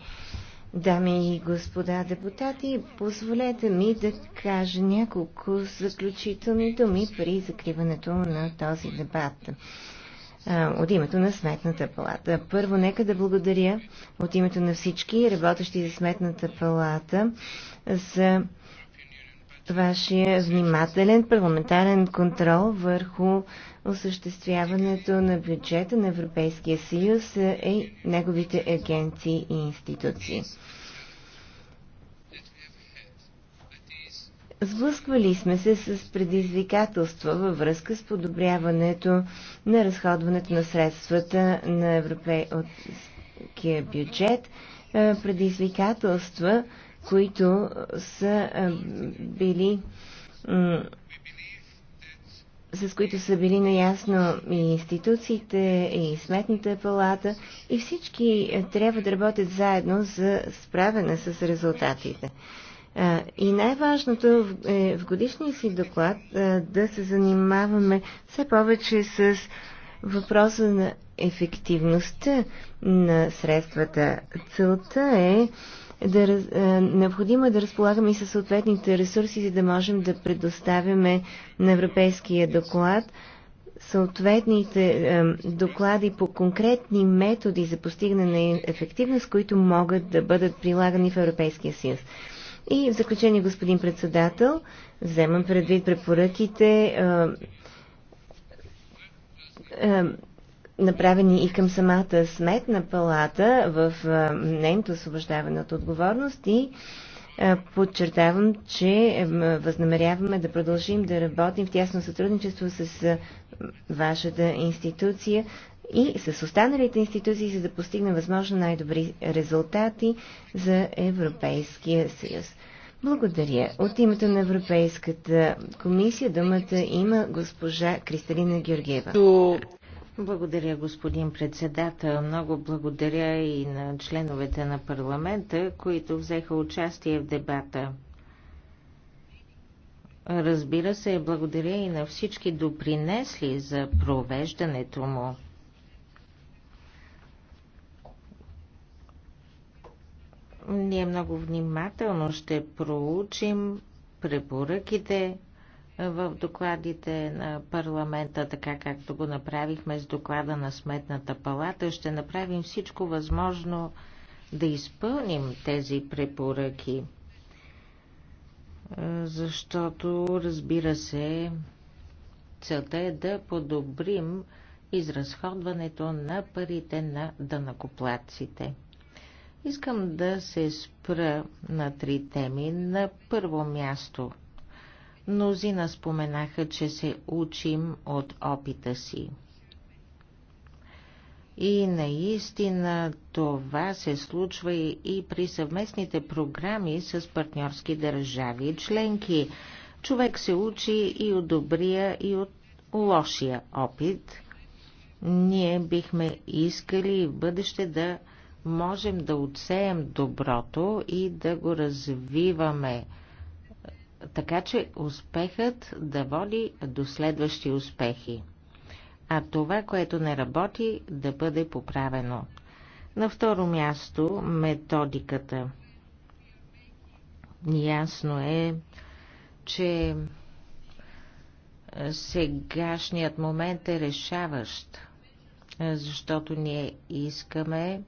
дами и господа депутати. Позволете ми да кажа няколко заключителни думи при закриването на този дебат от името на Сметната палата. Първо, нека да благодаря от името на всички работещи за Сметната палата за вашия внимателен парламентарен контрол върху осъществяването на бюджета на Европейския съюз и неговите агенции и институции. Сблъсквали сме се с предизвикателства във връзка с подобряването на разходването на средствата на европейския бюджет, е, предизвикателства, които са е, били с които са били наясно и институциите, и Сметната палата, и всички е, трябва да работят заедно за справяне с резултатите. И най-важното е в годишния си доклад да се занимаваме все повече с въпроса на ефективността на средствата. Целта е да, необходимо е да разполагаме и със съответните ресурси, за да можем да предоставяме на европейския доклад съответните е, доклади по конкретни методи за постигане на ефективност, които могат да бъдат прилагани в Европейския съюз. И в заключение, господин председател, вземам предвид препоръките, направени и към самата сметна палата в нейното освобождаване от отговорност и подчертавам, че възнамеряваме да продължим да работим в тясно сътрудничество с вашата институция, и с останалите институции, за да постигне възможно най-добри резултати за Европейския съюз. Благодаря. От името на Европейската комисия думата има госпожа Кристалина Георгиева. Благодаря, господин председател. Много благодаря и на членовете на парламента, които взеха участие в дебата. Разбира се, благодаря и на всички допринесли за провеждането му. Ние много внимателно ще проучим препоръките в докладите на парламента, така както го направихме с доклада на Сметната палата. Ще направим всичко възможно да изпълним тези препоръки, защото, разбира се, целта е да подобрим изразходването на парите на дънакоплатците. Искам да се спра на три теми. На първо място, мнозина споменаха, че се учим от опита си. И наистина това се случва и при съвместните програми с партньорски държави и членки. Човек се учи и от добрия, и от лошия опит. Ние бихме искали в бъдеще да можем да отсеем доброто и да го развиваме, така че успехът да води до следващи успехи. А това, което не работи, да бъде поправено. На второ място методиката. Ясно е, че сегашният момент е решаващ, защото ние искаме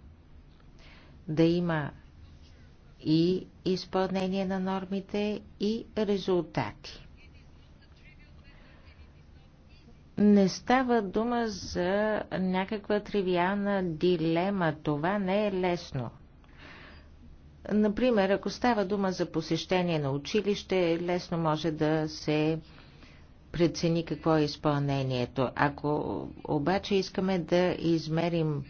да има и изпълнение на нормите и резултати. Не става дума за някаква тривиална дилема. Това не е лесно. Например, ако става дума за посещение на училище, лесно може да се прецени какво е изпълнението. Ако обаче искаме да измерим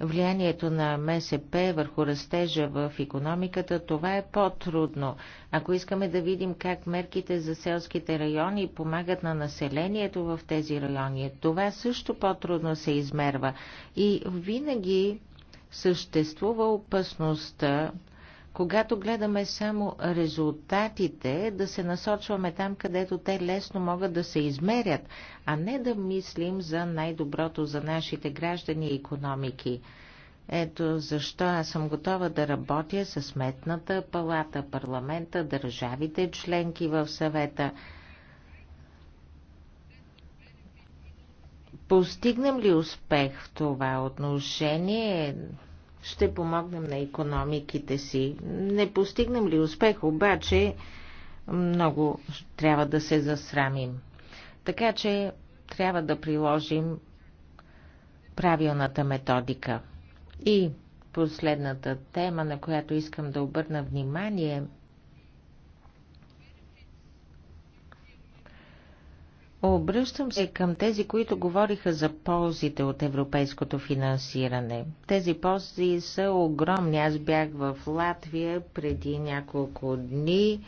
влиянието на МСП върху растежа в економиката, това е по-трудно. Ако искаме да видим как мерките за селските райони помагат на населението в тези райони, това също по-трудно се измерва. И винаги съществува опасността когато гледаме само резултатите, да се насочваме там, където те лесно могат да се измерят, а не да мислим за най-доброто за нашите граждани и економики. Ето защо аз съм готова да работя с Сметната палата, парламента, държавите членки в съвета. Постигнем ли успех в това отношение? ще помогнем на економиките си. Не постигнем ли успех, обаче много трябва да се засрамим. Така че трябва да приложим правилната методика. И последната тема, на която искам да обърна внимание – Обръщам се към тези, които говориха за ползите от европейското финансиране. Тези ползи са огромни. Аз бях в Латвия преди няколко дни.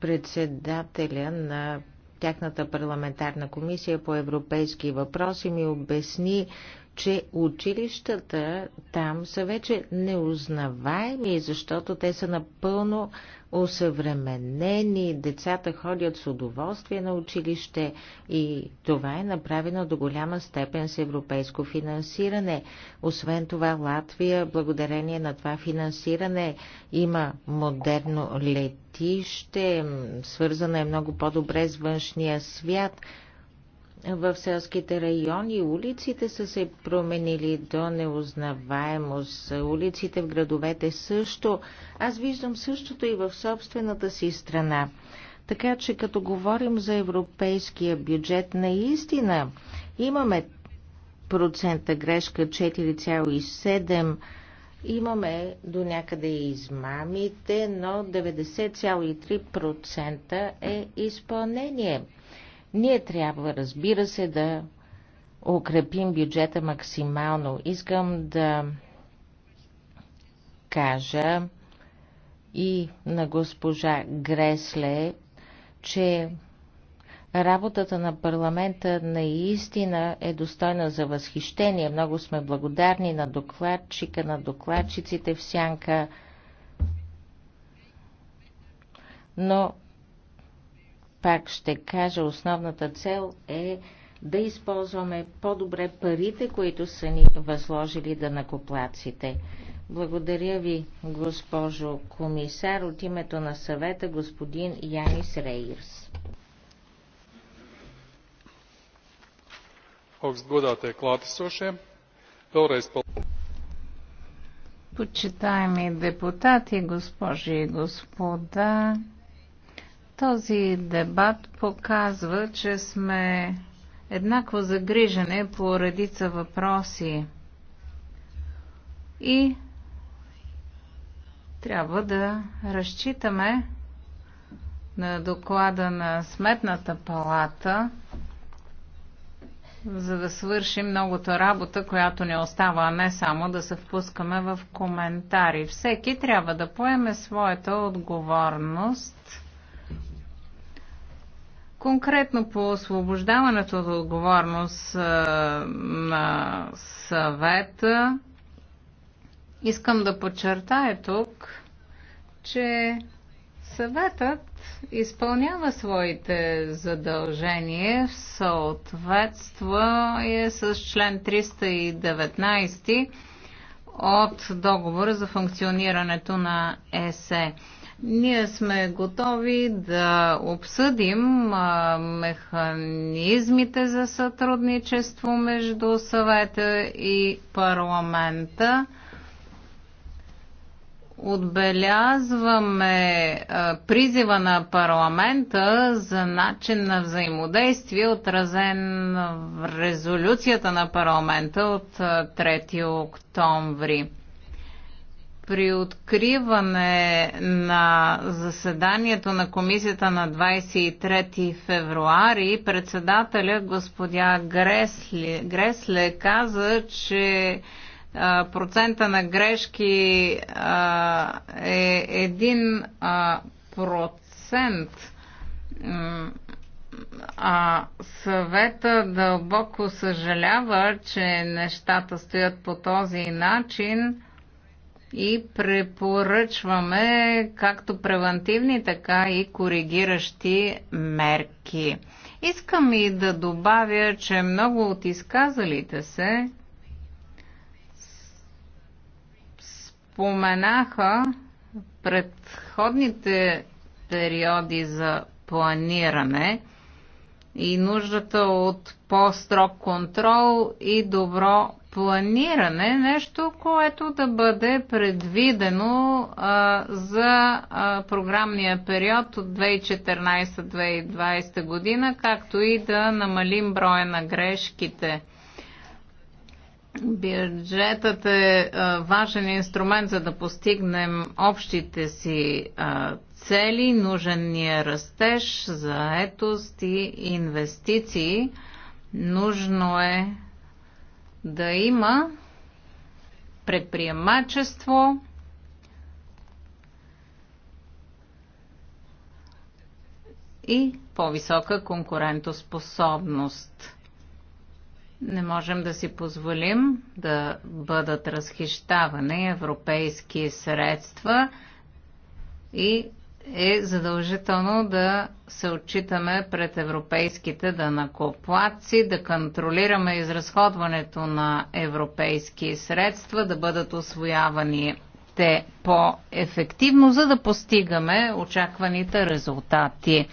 Председателя на тяхната парламентарна комисия по европейски въпроси ми обясни че училищата там са вече неузнаваеми, защото те са напълно усъвременени. децата ходят с удоволствие на училище и това е направено до голяма степен с европейско финансиране. Освен това Латвия, благодарение на това финансиране, има модерно летище, свързано е много по-добре с външния свят – в селските райони улиците са се променили до неузнаваемост. Улиците в градовете също. Аз виждам същото и в собствената си страна. Така че като говорим за европейския бюджет, наистина имаме процента грешка 4,7%. Имаме до някъде и измамите, но 90,3% е изпълнение. Ние трябва, разбира се, да укрепим бюджета максимално. Искам да кажа и на госпожа Гресле, че работата на парламента наистина е достойна за възхищение. Много сме благодарни на докладчика, на докладчиците в сянка. Но пак ще кажа, основната цел е да използваме по-добре парите, които са ни възложили да накоплаците. Благодаря ви, госпожо комисар, от името на съвета господин Янис Рейерс. Почитаеми депутати, госпожи и господа, този дебат показва, че сме еднакво загрижени по редица въпроси и трябва да разчитаме на доклада на Сметната палата, за да свършим многото работа, която ни остава, а не само да се впускаме в коментари. Всеки трябва да поеме своята отговорност Конкретно по освобождаването от отговорност на съвета, искам да подчертая тук, че съветът изпълнява своите задължения в съответствие с член 319 от договора за функционирането на ЕСЕ. Ние сме готови да обсъдим а, механизмите за сътрудничество между съвета и парламента. Отбелязваме а, призива на парламента за начин на взаимодействие, отразен в резолюцията на парламента от 3 октомври при откриване на заседанието на комисията на 23 февруари председателя господя Гресле, Гресле каза, че а, процента на грешки а, е 1%. процент а съвета дълбоко съжалява, че нещата стоят по този начин и препоръчваме както превентивни, така и коригиращи мерки. Искам и да добавя, че много от изказалите се споменаха предходните периоди за планиране и нуждата от по-строг контрол и добро планиране нещо, което да бъде предвидено а, за а, програмния период от 2014-2020 година, както и да намалим броя на грешките. Бюджетът е а, важен инструмент за да постигнем общите си а, цели, нужен ни е растеж, заетост и инвестиции. Нужно е да има предприемачество, и по-висока конкурентоспособност. Не можем да си позволим да бъдат разхищавани европейски средства и е задължително да се отчитаме пред европейските данакоплаци, да контролираме изразходването на европейски средства, да бъдат освоявани те по-ефективно, за да постигаме очакваните резултати.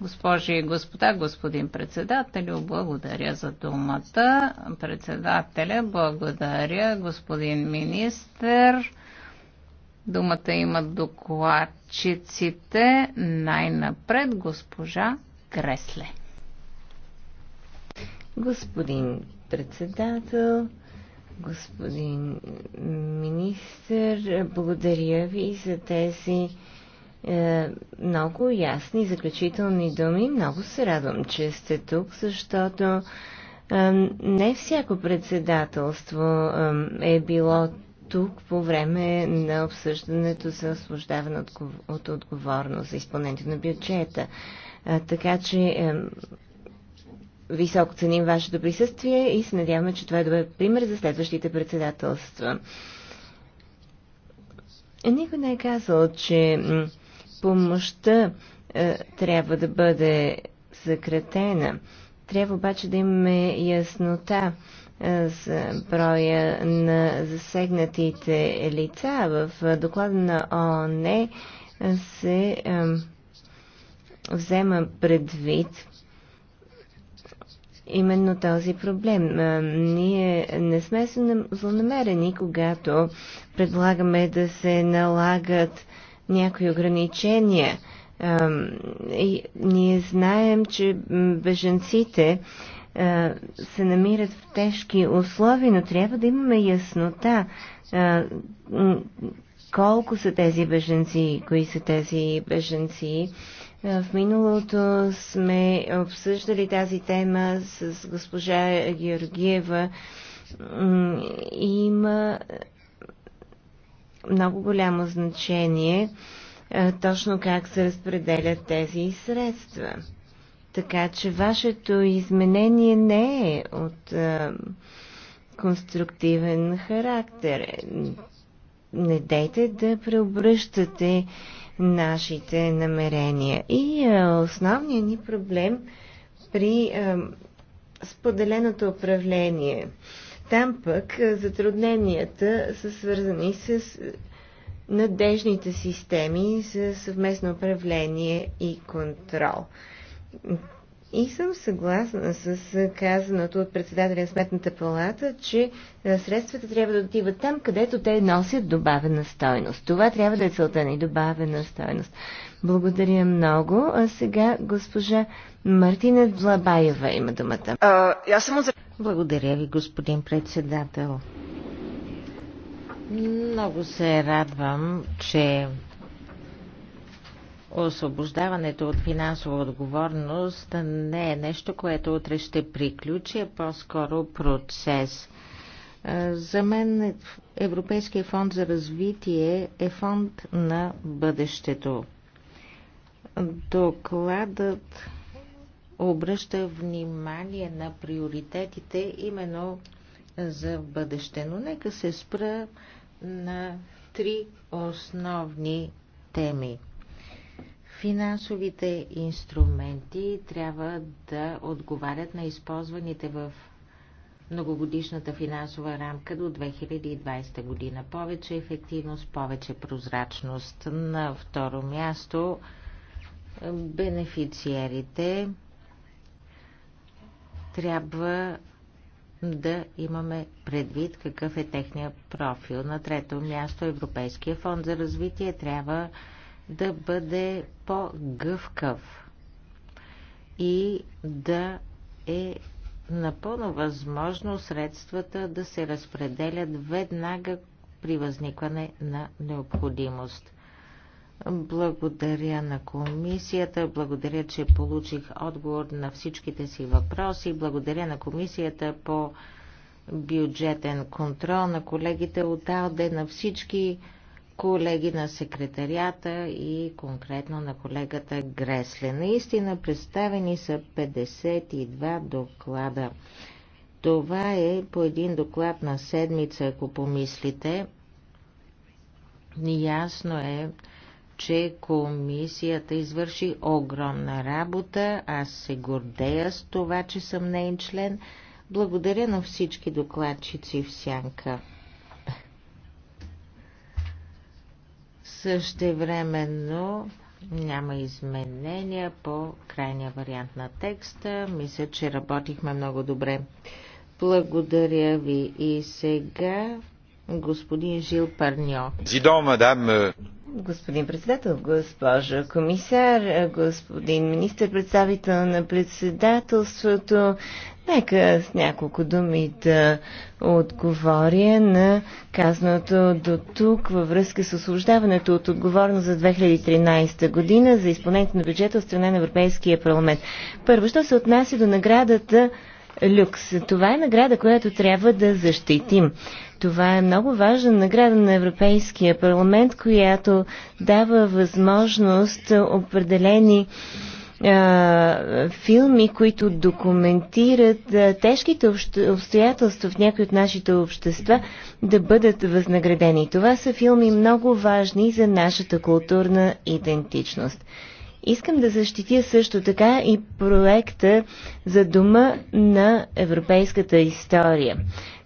Госпожи и господа, господин председателю, благодаря за думата. Председателя, благодаря, господин министр. Думата имат докладчиците. Най-напред госпожа Кресле. Господин председател, господин министр, благодаря ви за тези е, много ясни заключителни думи. Много се радвам, че сте тук, защото е, не всяко председателство е, е било тук по време на обсъждането за освобождаване от отговорност за изпълнението на бюджета. Така че високо ценим вашето присъствие и се надяваме, че това е добър пример за следващите председателства. Никой не е казал, че помощта е, трябва да бъде съкратена. Трябва обаче да имаме яснота за броя на засегнатите лица. В доклада на ООН се взема предвид именно този проблем. Ние не сме злонамерени, когато предлагаме да се налагат някои ограничения ние знаем, че беженците се намират в тежки условия, но трябва да имаме яснота колко са тези беженци, кои са тези беженци. В миналото сме обсъждали тази тема с госпожа Георгиева. Има много голямо значение е, точно как се разпределят тези средства. Така че вашето изменение не е от а, е, конструктивен характер. Не дейте да преобръщате нашите намерения. И а, е, основният ни проблем при а, споделеното управление. Там пък затрудненията са свързани с надежните системи за съвместно управление и контрол. И съм съгласна с казаното от председателя на Сметната палата, че средствата трябва да отиват там, където те носят добавена стойност. Това трябва да е целта ни добавена стойност. Благодаря много. А сега госпожа Мартина Длабаева има думата. А, съм... Благодаря ви, господин председател. Много се радвам, че освобождаването от финансова отговорност не е нещо, което утре ще приключи, а по-скоро процес. За мен Европейския фонд за развитие е фонд на бъдещето. Докладът обръща внимание на приоритетите именно за бъдеще. Но нека се спра на три основни теми. Финансовите инструменти трябва да отговарят на използваните в многогодишната финансова рамка до 2020 година. Повече ефективност, повече прозрачност. На второ място бенефициерите трябва да имаме предвид какъв е техния профил. На трето място Европейския фонд за развитие трябва да бъде по-гъвкав и да е напълно възможно средствата да се разпределят веднага при възникване на необходимост. Благодаря на комисията, благодаря, че получих отговор на всичките си въпроси, благодаря на комисията по бюджетен контрол, на колегите от АЛДЕ, на всички колеги на секретарията и конкретно на колегата Гресле. Наистина представени са 52 доклада. Това е по един доклад на седмица, ако помислите. Ясно е, че комисията извърши огромна работа. Аз се гордея с това, че съм нейн член. Благодаря на всички докладчици в Сянка. Същевременно няма изменения по крайния вариант на текста. Мисля, че работихме много добре. Благодаря ви и сега господин Жил Парньо. Зидо, мадам. Господин председател, госпожа комисар, господин министър представител на председателството, нека с няколко думи да отговоря на казаното до тук във връзка с освобождаването от отговорност за 2013 година за изпълнението на бюджета от страна на Европейския парламент. Първо, що се отнася до наградата люкс. Това е награда, която трябва да защитим. Това е много важна награда на Европейския парламент, която дава възможност определени а, филми, които документират а, тежките обстоятелства в някои от нашите общества, да бъдат възнаградени. Това са филми много важни за нашата културна идентичност. Искам да защитя също така и проекта за дума на европейската история.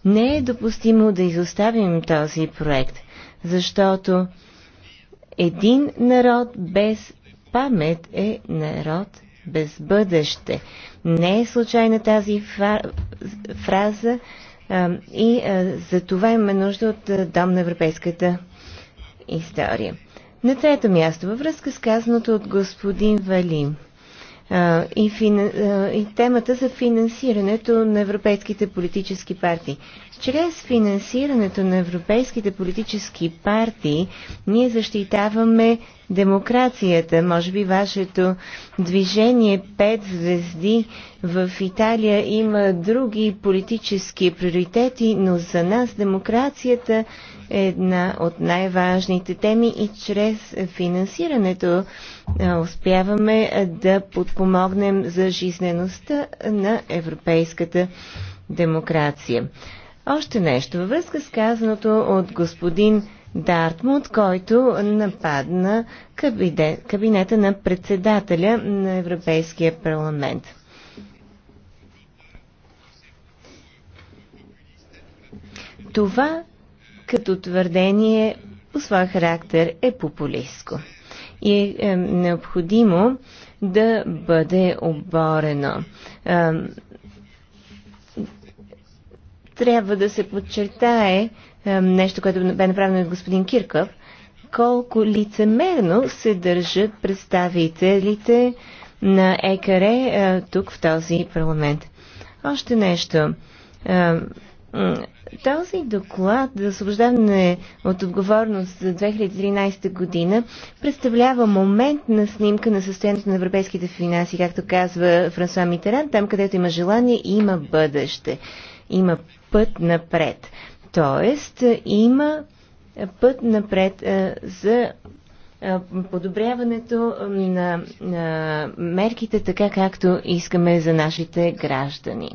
Не е допустимо да изоставим този проект, защото един народ без памет е народ без бъдеще. Не е случайна тази фраза а, и а, за това има нужда от Дом на европейската история. На трето място, във връзка с казаното от господин Вали а, и, фин... а, и темата за финансирането на европейските политически партии. Чрез финансирането на европейските политически партии ние защитаваме демокрацията. Може би вашето движение пет звезди в Италия има други политически приоритети, но за нас демокрацията една от най-важните теми и чрез финансирането успяваме да подпомогнем за жизнеността на европейската демокрация. Още нещо във връзка с казаното от господин Дартмут, който нападна кабинета на председателя на Европейския парламент. Това като твърдение по своя характер е популистко и е необходимо да бъде оборено. Е, трябва да се подчертае е, нещо, което бе направено от господин Кирков, колко лицемерно се държат представителите на ЕКР е, тук в този парламент. Още нещо. Този доклад за освобождаване от отговорност за 2013 година представлява момент на снимка на състоянието на европейските финанси, както казва Франсуа Митеран, там където има желание, има бъдеще, има път напред. Тоест, има път напред за подобряването на мерките така, както искаме за нашите граждани.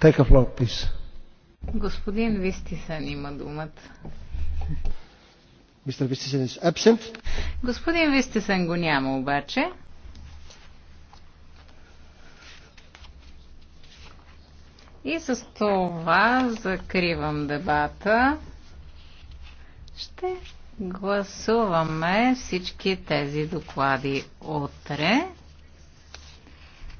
Take a floor, please. Господин Вистисън има думата. Мистер Вистисън is absent. Господин Вистисън го няма обаче. И с това закривам дебата. Ще гласуваме всички тези доклади утре.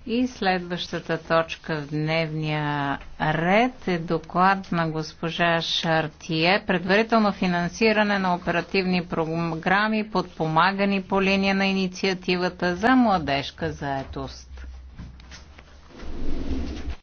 И следващата точка в дневния ред е доклад на госпожа Шартие. Предварително финансиране на оперативни програми, подпомагани по линия на инициативата за младежка заетост.